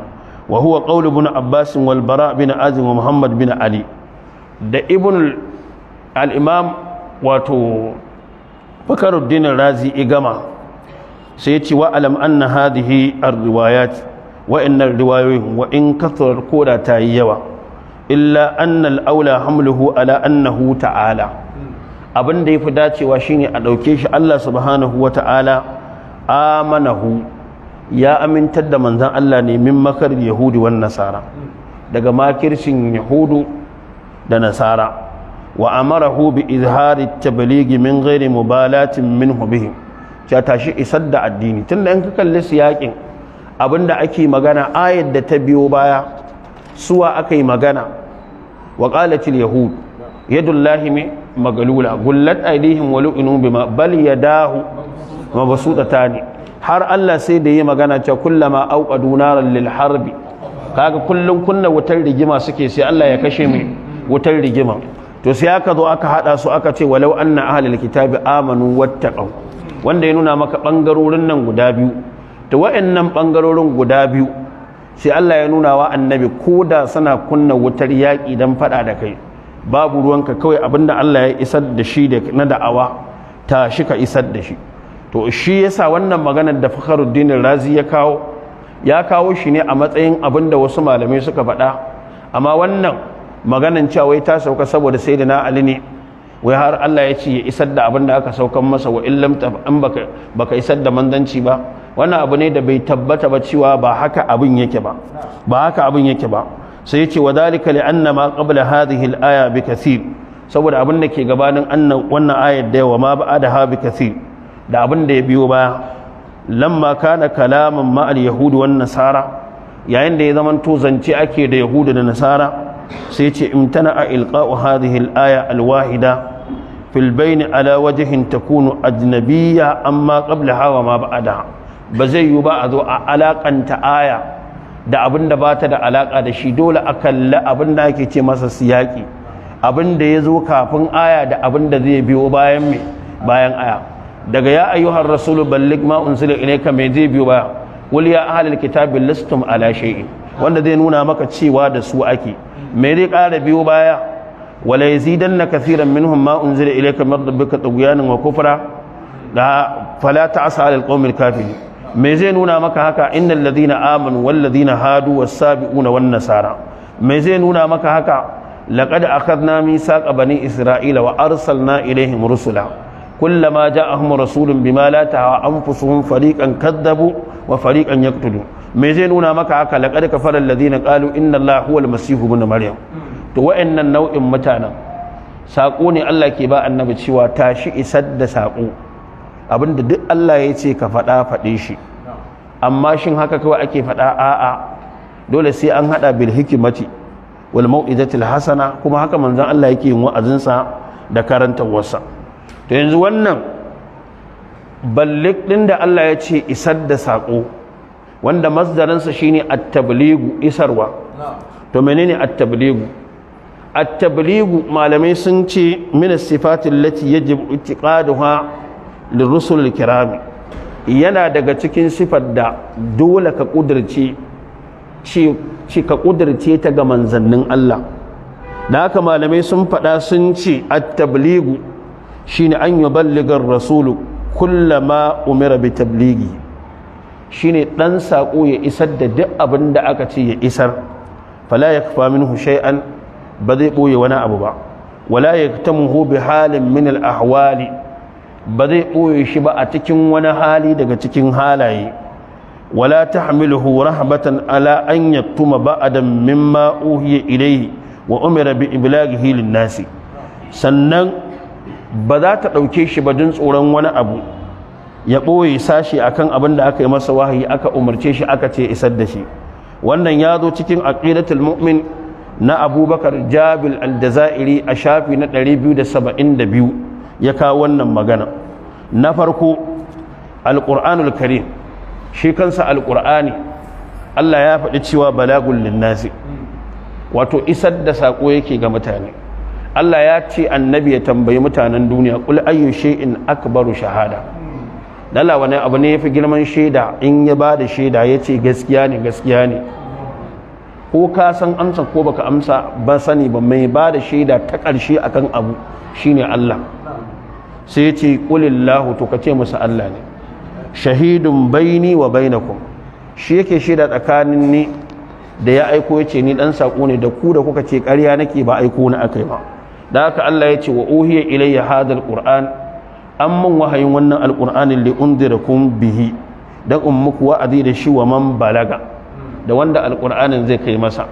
wa huwa qawlu ibn abbas wal bara bin azim wa muhammad bin ali da ibn al imam wato fakaruddin razi igama sai ya ce wa alam anna hadhihi ar-riwayat wa innar riwayoyin wa in kathar koda ta yi yawa illa anna al-aula hamluhu ala annahu ta'ala abin da ya fi dacewa shine a ɗauke shi Allah subhanahu wa ta'ala amanahu ya amintar da manzan Allah ne min makar yahudi wan nasara daga makircin yahudu da nasara wa amarahu bi izhari tabligi min ghairi mubalatin minhu bihim ta tashi isar da addini tunda in ka kalli abin abinda ake magana ayar da ta biyo baya suwa aka yi magana wa qalatil yahud yadullahi me magalula gullat aidihim wa lu'inu bima bal yadahu mabsutatani har Allah sai da yi magana cewa kullama auqadu naran lil harbi kaga kullun kunna wutar rigima suke sai Allah ya kashe mu wutar rigima to sai aka zo aka hada su aka ce walau anna ahlul kitabi amanu wattaqau wanda ya nuna maka bangarorin nan guda biyu to wayannan bangarorin guda biyu sai Allah ya nuna wa annabi koda sana kunna wutar yaki dan fada da kai babu ruwanka kawai abinda Allah ya isar da shi na da'awa ta shi ka isar da shi to shi yasa wannan maganar da Fakhruddin Razi ya kawo ya kawo shi ne a matsayin abinda wasu malamai suka faɗa amma wannan maganan cewa wai ta sauka saboda sayyidina Ali ne wai har Allah ya ce ya isar da abinda aka saukan masa wa illam baka isar da manzanci ba wannan abu ne da bai tabbata ba cewa ba haka abin yake ba ba haka abin yake ba sai wa wadhalika li anna ma qabla hadhihi al-aya bi kathir saboda abin da ke gabanin annan wannan ayar da yawa ma da ha bi kathir da abin da ya biyo baya lamma kana kalaman ma al-yahud wan nasara yayin da ya zamanto zance ake da yahudu da nasara sai ce imtana ilqa'u hadhihi al-aya al-wahida في البين على وجه تكون ba zai yiwu ba a zo a alakanta aya. da abin da ba ta da alaƙa da shi dole a kalla abin da ake ce masa siyaƙi abin da ya zo kafin aya da abin da zai biyo bayan bayan aya daga ya ayyuhar rasulu ballig ma unsila ilayka mai zai biyo baya wal ya ahlal kitabi lastum ala shay'in wanda zai nuna maka cewa da su ake mai zai ƙara biyo baya wala yazidanna kathiran minhum ma unzila ilayka min rabbika tughyanan wa kufra da fala ta'sa ala alqawmil kafirin me zai nuna maka haka innal ladina amanu wal ladina hadu was sabiuna wan nasara me zai nuna maka haka laqad akhadna mithaqa bani isra'ila wa arsalna ilaihim rusula kullama ja'ahum rasulun bima la tahawa anfusuhum fariqan kadzabu wa fariqan yaqtulu me zai nuna maka haka laqad kafara alladhina qalu inna allaha huwal masih ibn maryam to wa'annan nau'in mutanen Saƙo ne Allah ke ba annabi cewa tashi isar da saƙo. abinda duk Allah ya ce ka faɗa faɗe shi amma shin haka kawai ake faɗa a'a dole sai an haɗa bil hikimati wal mau'izatil hasana kuma haka manzon Allah yake yin sa da wasa. to yanzu wannan ballik din da Allah ya ce isar da sako wanda sa shine at tablighu isarwa to menene at tablighu at tablighu malamai sun ce min as Lati allati yajib lirrusul kirami yana daga cikin sifar da dole ka kudirce ci ka ta ga manzannin Allah da haka malamai sun faɗa sun ce at-tabligu shine an yuballigar rasulu kullama umira bi tabligi shine dan sako ya isar da duk abin da aka ce ya isar fala yakfa minhu shay'an ba zai ɓoye wani abu ba wala yaktamuhu bi halin min al-ahwali ba zai ɓoye shi ba a cikin wani hali daga cikin halaye wala tahmiluhu rahmatan ala an yattuma ba'adan mimma uhiya ilai wa umira bi ibilagi hilin nasi sannan ba za ta ɗauke shi ba jin tsoron wani abu ya ɓoye sashi akan abin da aka yi masa wahayi aka umarce shi aka ce isar da shi wannan ya zo cikin aƙidatul mu'min na abubakar jabil al-jazairi a shafi na 272 ya kawo wannan magana na farko alƙur'anul karim shi kansa alƙur'ani Allah ya faɗi cewa balagun linnasi wato isar da saƙo yake ga mutane Allah ya ce annabi ya tambayi mutanen duniya kul ayyu shay'in akbaru shahada lalla wani abu ne ya fi girman shaida in ya ba da shaida ya ce gaskiya ne gaskiya ne ko ka san amsa ko baka amsa ba sani ba mai ba da shaida ta ƙarshe akan abu shine Allah sai ce kulillahu to kace musu Allah ne shahidun baini wa bainakum shi yake shaida tsakanin ni da ya aiko yace ni dan sako ne da ku da kuka ce ƙarya nake ba aiko ni akai ba da haka Allah yace wa uhiya ilayya hadal qur'an amman wahayin wannan alqur'anin li undirakum bihi dan ummuku wa'adi da shi wa man balaga da wanda alqur'anin zai kai masa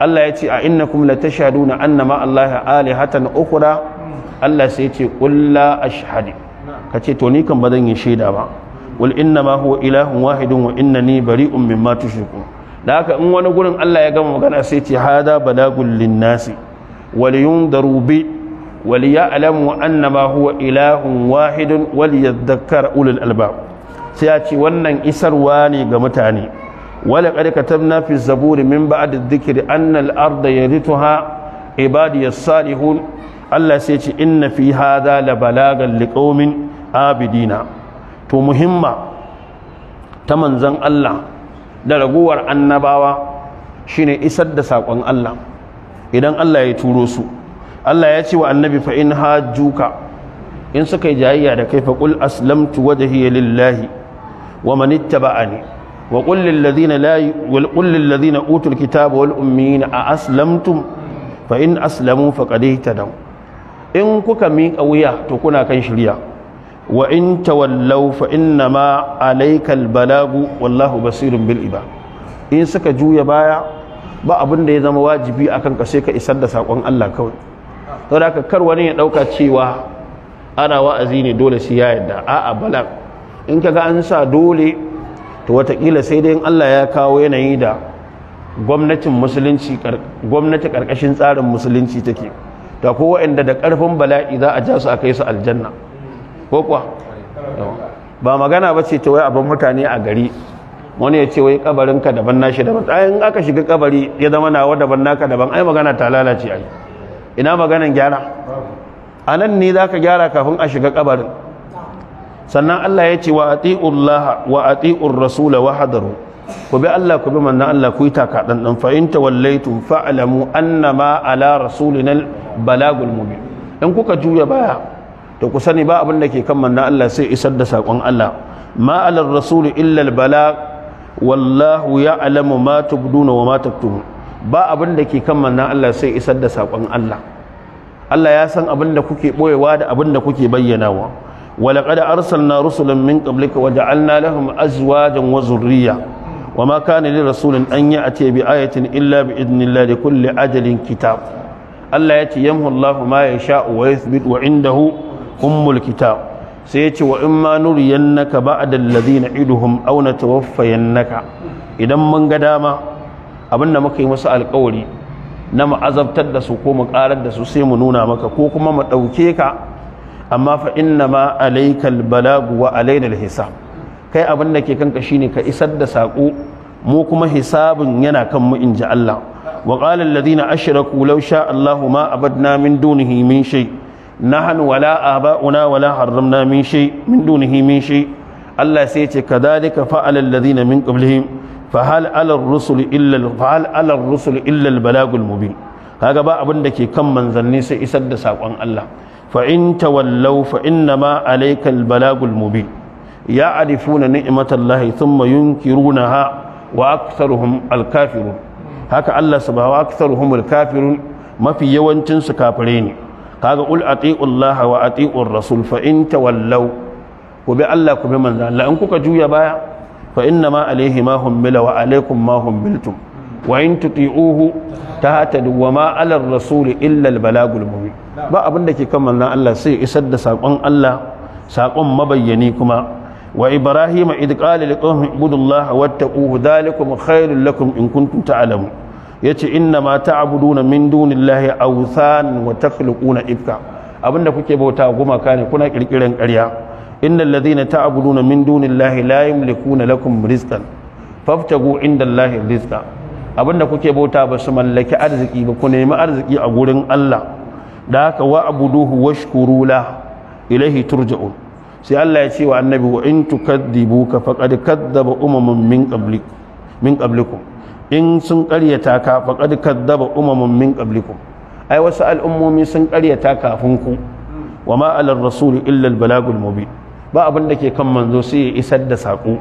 Allah yace a innakum latashaduna annama allaha alihatan ukhra Allah sai ce kulla ashhadu kace to ni kan bazan yi shaida ba wal inna ma huwa ilahun wahidun wa innani bari'un mimma tushrikun da haka in wani gurin Allah ya gama magana sai ce hada balagul linnasi wal yundaru bi wal ya'lamu anna ma huwa ilahun wahidun wal yadhakkar ulul albab sai ya ce wannan isarwa ne ga mutane wala qad katabna fi zaburi min ba'd adh-dhikri anna al-arda yarithuha ibadiyas salihun Allah sai ce inna fi hada la balagan liqaumin abidina to muhimma ta manzon Allah da raguwar annabawa shine isar da sakon Allah idan Allah ya turo su Allah ya ce wa annabi fa in hajjuka in suka yi jayayya da kai fa qul aslamtu wajhiya lillahi wa man ittaba'ani وقل للذين لا وقل للذين اوتوا الكتاب والامين ااسلمتم فان اسلموا فقد اهتدوا in kuka miƙa wuya to kuna kan shirya wa in tawallau fa inna ma alaikal balagu wallahu basirin bil ba. in suka juya baya ba abin da ya zama wajibi akan ka sai ka isar da sakon Allah kawai Da haka kar wani ya ɗauka cewa ana wa'azi ne dole sai ya yarda a'a Bala in kaga an sa dole to watakila sai dai in Allah ya kawo yanayi da gwamnatin musulunci gwamnati karkashin tsarin musulunci take da ko inda da ƙarfin bala'i za a ja su a kai su aljanna ko kuwa ba magana ba ce ta wai abin mutane a gari wani ya ce wai kabarinka daban shi daban ayin aka shiga kabari ya zama nawa daban naka daban ai magana ta lalace ai ina maganan gyara a nan ne za ka gyara kafin a shiga kabarin sannan Allah ya ce wa ati'ullaha wa ati'ur rasula wa hadaru ku bi Allah ku bi manzon Allah ku yi taka dan dan fa in tawallaitu fa'lamu annama ala rasulina balagul mubin in kuka juya baya to ku sani ba abin da ke kan manzon Allah sai isar da sakon Allah ma ala rasul illa al balag wallahu ya'lamu ma tubduna wa ma taktumun ba abin da ke kan manzon Allah sai isar da sakon Allah Allah ya san abin da kuke boyewa da abin da kuke bayyanawa ولقد أرسلنا رسلا من قبلك وجعلنا لهم أزواجا وذرية wa ma kana li rasulin an ya'ti bi ayatin illa bi idnillah li kulli ajalin kitab Allah ya ce yamhu Allahu ma yasha'u wa yathbit wa indahu ummul kitab sai ya ce wa in ma nuriyannaka ba'da alladhina iduhum aw natawaffayannaka idan mun ga dama abinda muka yi musu alƙawari na mu azabtar da su ko mu karar da su sai mu nuna maka ko kuma mu ɗauke ka amma fa inna ma alaikal balagu wa alaina hisab kai abin da ke kanka shine ka isar da saƙo mu kuma hisabun yana kan mu inji Allah wa qala alladhina ashraku law sha Allahu ma abadna min dunihi min shay nahnu wala aba'una wala harramna min shay min dunihi min shay Allah sai ya ce kadhalika fa'ala alladhina min qablihim fa hal ala ar-rusul illa fa hal ala ar-rusul illa al-balagul mubin kaga ba abin da ke kan manzanni sai isar da sakon Allah fa in tawallaw fa inna ma alayka al-balagul mubin ya'rifuna ni'matallahi thumma yunkirunaha wa aktharuhum alkafirun haka Allah subhanahu wa aktharuhum alkafirun mafi yawancin su kafire ne kaga ul ati'u Allah wa ati'u rasul fa in ku bi Allah ku bi manzo Allah kuka juya baya fa inna ma alayhi ma hummila wa alaykum ma hummiltum wa in tuti'uhu tahtadu wa ma ala rasul illal albalagul mubin ba abin da ke kan manzo Allah sai isar da sakon Allah sakon mabayyani kuma وإبراهيم إذ قال لقوم اعبدوا الله واتقوه ذلكم خير لكم إن كنتم تعلمون يتي إنما تعبدون من دون الله أوثان وتخلقون إفكا أبن كوكي بوتا وما كان كنا كركرن أريا إن الذين تعبدون من دون الله لا يملكون لكم رزقا فابتغوا عند الله رزقا أبن كوكي بوتا بس ملك أرزقي بكوني ما أرزقي أقولن الله ذاك وأعبدوه واشكروا له إليه ترجعون sai Allah ya ce wa annabi wa in tukadibuka faqad kadzaba umamun min qablik min qablikum in sun ƙaryata ka faqad kadzaba umamun min qablikum ai wasu al'ummomi sun ƙaryata kafin ku wa ma ala rasul illa al balagul mubin ba abin da ke kan manzo sai ya isar da sako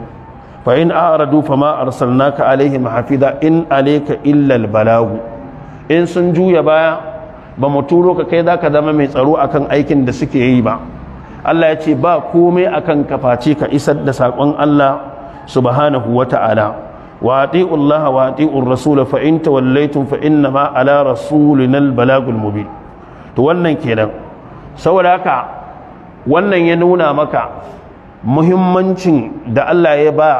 fa in aradu fa ma arsalnaka alaihim hafiza in alayka illa al balagu in sun juya baya ba mu turo ka kai zaka zama mai tsaro akan aikin da suke yi ba Allah ya ce ba komai akan kafaci ka isar da saƙon Allah subhanahu wa ta'ala wa ati'u Allah wa ati'u Rasul fa in tawallaytum ma ala rasulina balagul mubin to wannan kenan saboda haka wannan ya nuna maka muhimmancin da Allah ya ba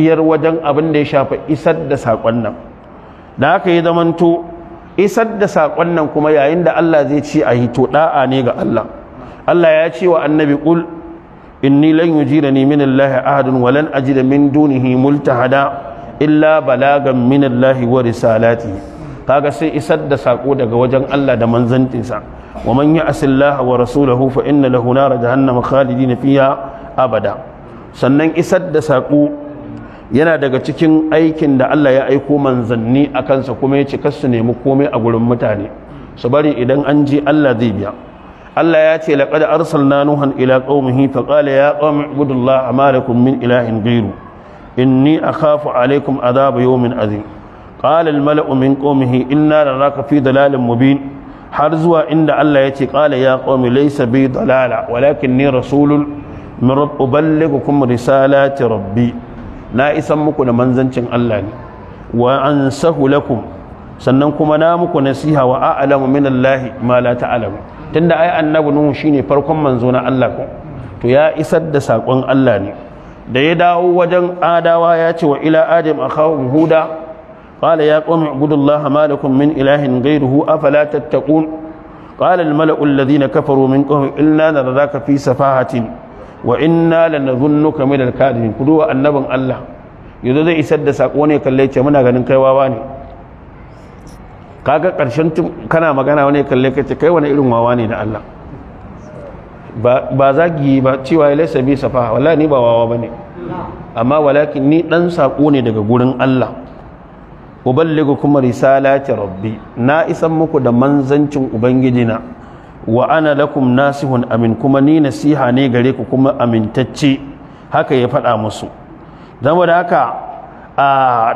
iyar wajen abin da ya shafi isar da saƙon nan da haka ya zamanto isar da saƙon nan kuma yayin da Allah zai ci a hito da'a ne ga Allah Allah ya ce wa annabi qul inni lan ni min Allah ahadun wa lan ajida min dunihi multahada illa balagan min Allah wa risalati kaga sai isar da sako daga wajen Allah da manzantinsa wa man ya'si Allah wa rasulahu fa inna lahu nar jahannama khalidin fiha abada sannan isar da sako yana daga cikin aikin da Allah ya aiko manzanni a kansa kuma ya ce kar su nemi komai a gurin mutane su bari idan an ji Allah zai biya Allah ya ce laqad arsalna nuhan ila qaumihi faqala ya qaumi ibudullaha ma min ilahin ghayru inni akhafu alaykum adhab yawmin azim qala al mala'u min qaumihi inna laraka fi dalalin mubin har zuwa inda Allah ya ce qala ya qaumi laysa bi dalala walakinni rasulun min rabb uballighukum risalati rabbi na isan muku da manzancin Allah ne wa ansahu lakum sannan kuma na muku nasiha wa a'lamu minallahi ma la ta'lamu tunda ai annabi nuhu shine farkon manzo na Allah ko to ya isar da sakon Allah ne da ya dawo wajen adawa ya ce wa ila adam akhahum huda qala ya qawmi ibudullaha ma lakum min ilahin ghayruhu afala tattaqun qala al mala'u alladhina kafaru min qawmi inna nadhaka fi safahatin wa inna lanadhunnuka min al kadhibin kudu annabin Allah yanzu zai isar da sako ne kalle ce muna ganin kai wawa ne kaga ƙarshen kana magana wani kalle ka ce kai wani irin wawa ne da Allah ba zagi ba cewa ya laisa bi safa wala ni ba wawa ba ne. amma walakin ni ɗan sako ne daga gurin Allah risala risalati rabbi na isan muku da manzancin ubangijina wa ana lakum nasihun amin kuma ni nasiha ne gare ku kuma amintacce haka ya faɗa musu zama da haka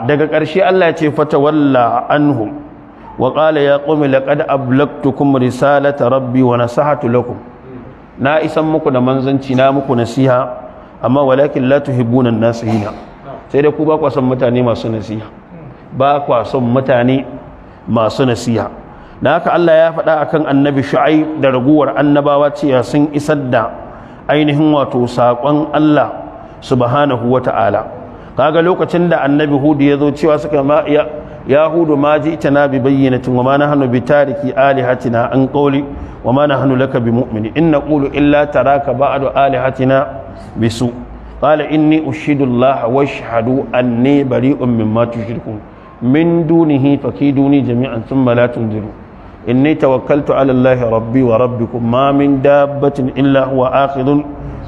daga ƙarshe Allah ya ce walla anhum waƙala وقال يا قوم لقد أبلغتكم rabbi wa ونصحت لكم نا اسمكم منزنتي نا muku nasiha amma walakin la tuhibbuna an-nasihina sai da ku ba kwa son mutane masu nasiha ba kwa son mutane masu nasiha dan haka Allah ya faɗa akan annabi Shu'aib da ragowar annabawa cewa sun isar da ainihin wato sakon Allah subhanahu wata'ala kaga lokacin da annabi hudu ya zo cewa suka ma yahudu ma ji'tana bi bayyinatin wa ma nahnu bi tariki alihatina an qawli wa hannu nahnu laka bi mu'mini in naqulu illa taraka ba'du alihatina bisu qala inni ushidu allaha washhadu anni bari'un mimma tushrikun min dunihi fakiduni jami'an thumma la tunziru inni tawakkaltu ala allahi rabbi wa rabbikum ma min dabbatin illa wa akhidun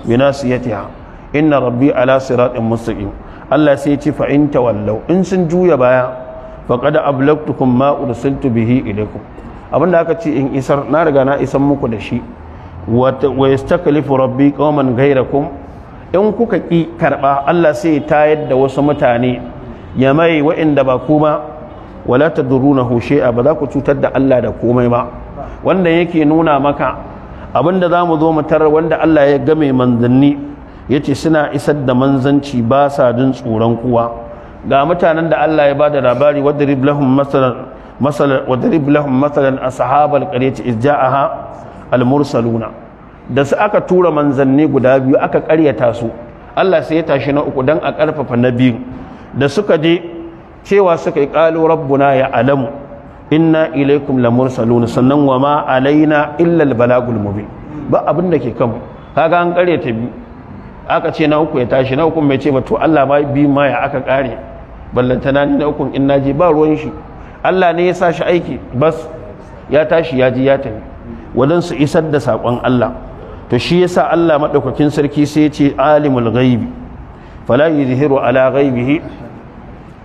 bi nasiyatiha inna rabbi ala siratin mustaqim Allah sai ya ce fa in sun juya baya faqad ablaqtukum ma ursiltu bihi ilaykum abinda aka ce in isar na riga na isan muku da shi wa yastaklifu rabbi qauman ghayrakum in kuka ki karɓa Allah sai tayar da wasu mutane ya mai wa'inda ba kuma wala tadrunahu shay'a ba za ku cutar da Allah da komai ba wanda yake nuna maka abinda za mu zo mu tarar wanda Allah ya game manzanni ya ce suna isar da manzanci ba sa jin tsoron kuwa ga mutanen da Allah ya ba da labari wadrib lahum masalan masalan sahabar lahum masalan da su aka tura manzanni guda biyu aka karyata su Allah sai ya tashi na uku dan a ƙarfafa na biyu da suka je cewa suka yi qalu rabbuna ya alamu inna ilaikum lamursalun sannan wa ma alaina illa al mubin ba abin da ke kanmu kaga an karyata biyu aka ce na uku ya tashi na uku mai ce ba to Allah ba bi ma ya aka ƙare. ballantana ni na ukun in naje ba ruwan shi Allah ne ya sa shi aiki bas ya tashi ya ji ya tafi wadan su isar da sakon Allah to shi yasa Allah madaukakin sarki sai ya ce alimul ghaibi fala yuzhiru ala ghaibihi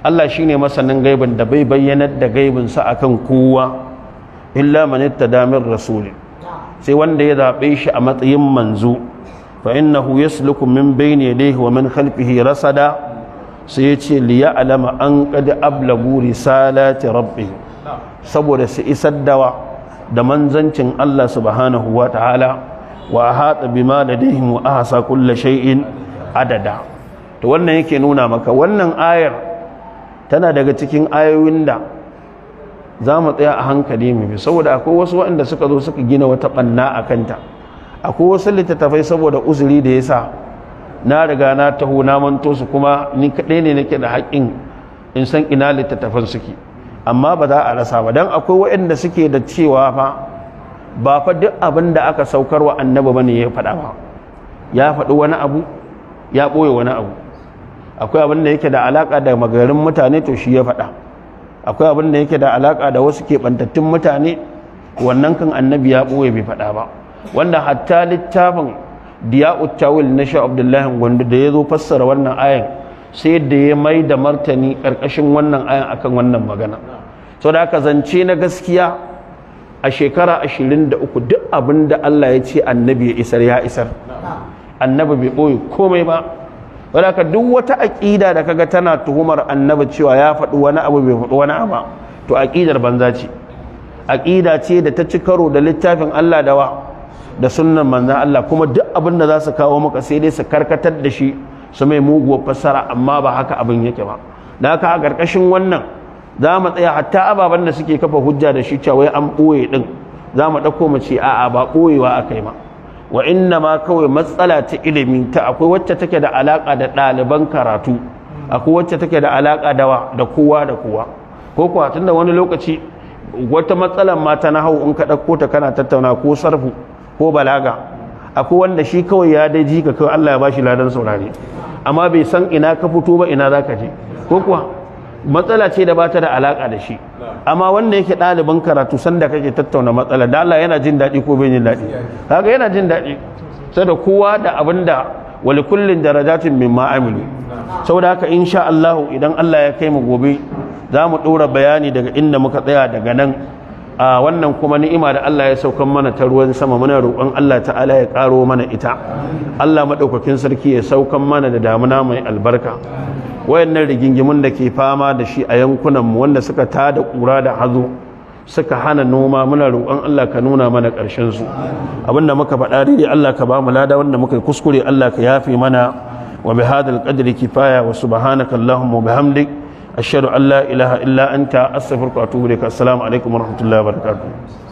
Allah shine masanin gaibin da bai bayyanar da gaibin sa akan kowa illa man ittada min rasul sai wanda ya zabe shi a matsayin manzo fa innahu yasluku min bayni yadayhi wa min khalfihi rasada sai ya ce liya alama an kada ablagu risalati rabbi saboda su isar dawa da manzancin Allah subhanahu wa ta'ala wa hata bima ladaihim wa ahsa kulli shay'in adada to wannan yake nuna maka wannan ayar tana daga cikin ayoyin da za mu tsaya a hankali mu bi saboda akwai wasu waɗanda suka zo suka gina wata ɓanna a kanta akwai wasu littattafai saboda uzuri da ya sa. na riga na taho na manto su kuma ni kaɗai ne nake da haƙƙin in san ina littattafan suke amma ba za a rasa ba don akwai waɗanda suke da cewa fa ba fa duk abin da aka saukar wa annabi bane ya faɗa ba ya faɗi wani abu ya ɓoye wani abu akwai abin da yake da alaƙa da magarin mutane to shi ya faɗa akwai abin da yake da alaƙa da wasu keɓantattun mutane wannan kan annabi ya ɓoye bai faɗa ba wanda hatta littafin diya uttawil na sha abdullahi gwandu da ya zo fassara wannan ayan sai da ya mai da martani ƙarƙashin wannan ayan akan wannan magana sau da aka zance na gaskiya a shekara 23 duk abin da Allah ya ce annabi ya isar ya isar annabi bai ɓoye komai ba wadaka duk wata aƙida da kaga tana tuhumar annabi cewa ya faɗi wani abu bai faɗi wani abu to aƙidar banza ce aƙida ce da ta ci karo da littafin Allah da wa da sunnan manzan Allah kuma duk abin da za su kawo maka sai dai su karkatar da shi su mai muguwar fassara amma ba haka abin yake ba da haka a ƙarƙashin wannan za mu tsaya hatta ababen da suke kafa hujja da shi cewa an ɓoye ɗin za mu ɗauko mu ce a'a ba ɓoyewa a kai ma wa inna ma kawai matsala ta ilimi ta akwai wacce take da alaƙa da ɗaliban karatu akwai wacce take da alaƙa da kowa da kowa ko kuwa tunda wani lokaci wata matsalar mata na hau in ka ɗauko ta kana tattauna ko sarfu ko balaga akwai wanda shi kawai ya dai ji ka kawai Allah ya bashi ladan saurari amma bai san ina ka fito ba ina za ka je ko kuwa matsala ce da ba ta da alaka da shi amma wanda yake ɗaliban karatu sanda kake tattauna matsala da Allah yana jin daɗi ko bai jin daɗi kaga yana jin daɗi da kowa da abin da wali kullin darajatin mimma amilu saboda haka insha Allah idan Allah ya kai mu gobe za mu ɗora bayani daga inda muka tsaya daga nan a wannan kuma ni'ima da Allah ya saukan mana ta ruwan sama muna roƙon Allah ta'ala ya ƙaro mana ita Allah maɗaukakin sarki ya saukan mana da damuna mai albarka wayannan rigingimun da ke fama da shi a yankunan mu wanda suka tada ƙura da hazo suka hana noma muna roƙon Allah ka nuna mana ƙarshen su abinda muka faɗa daidai Allah ka ba mu lada wanda muka kuskure Allah ka yafe mana wa bihadal qadri kifaya wa subhanaka allahumma wa bihamdika ashhadu an la ilaha illa anta astaghfiruka wa atubu ilaik assalamu alaikum wa rahmatullahi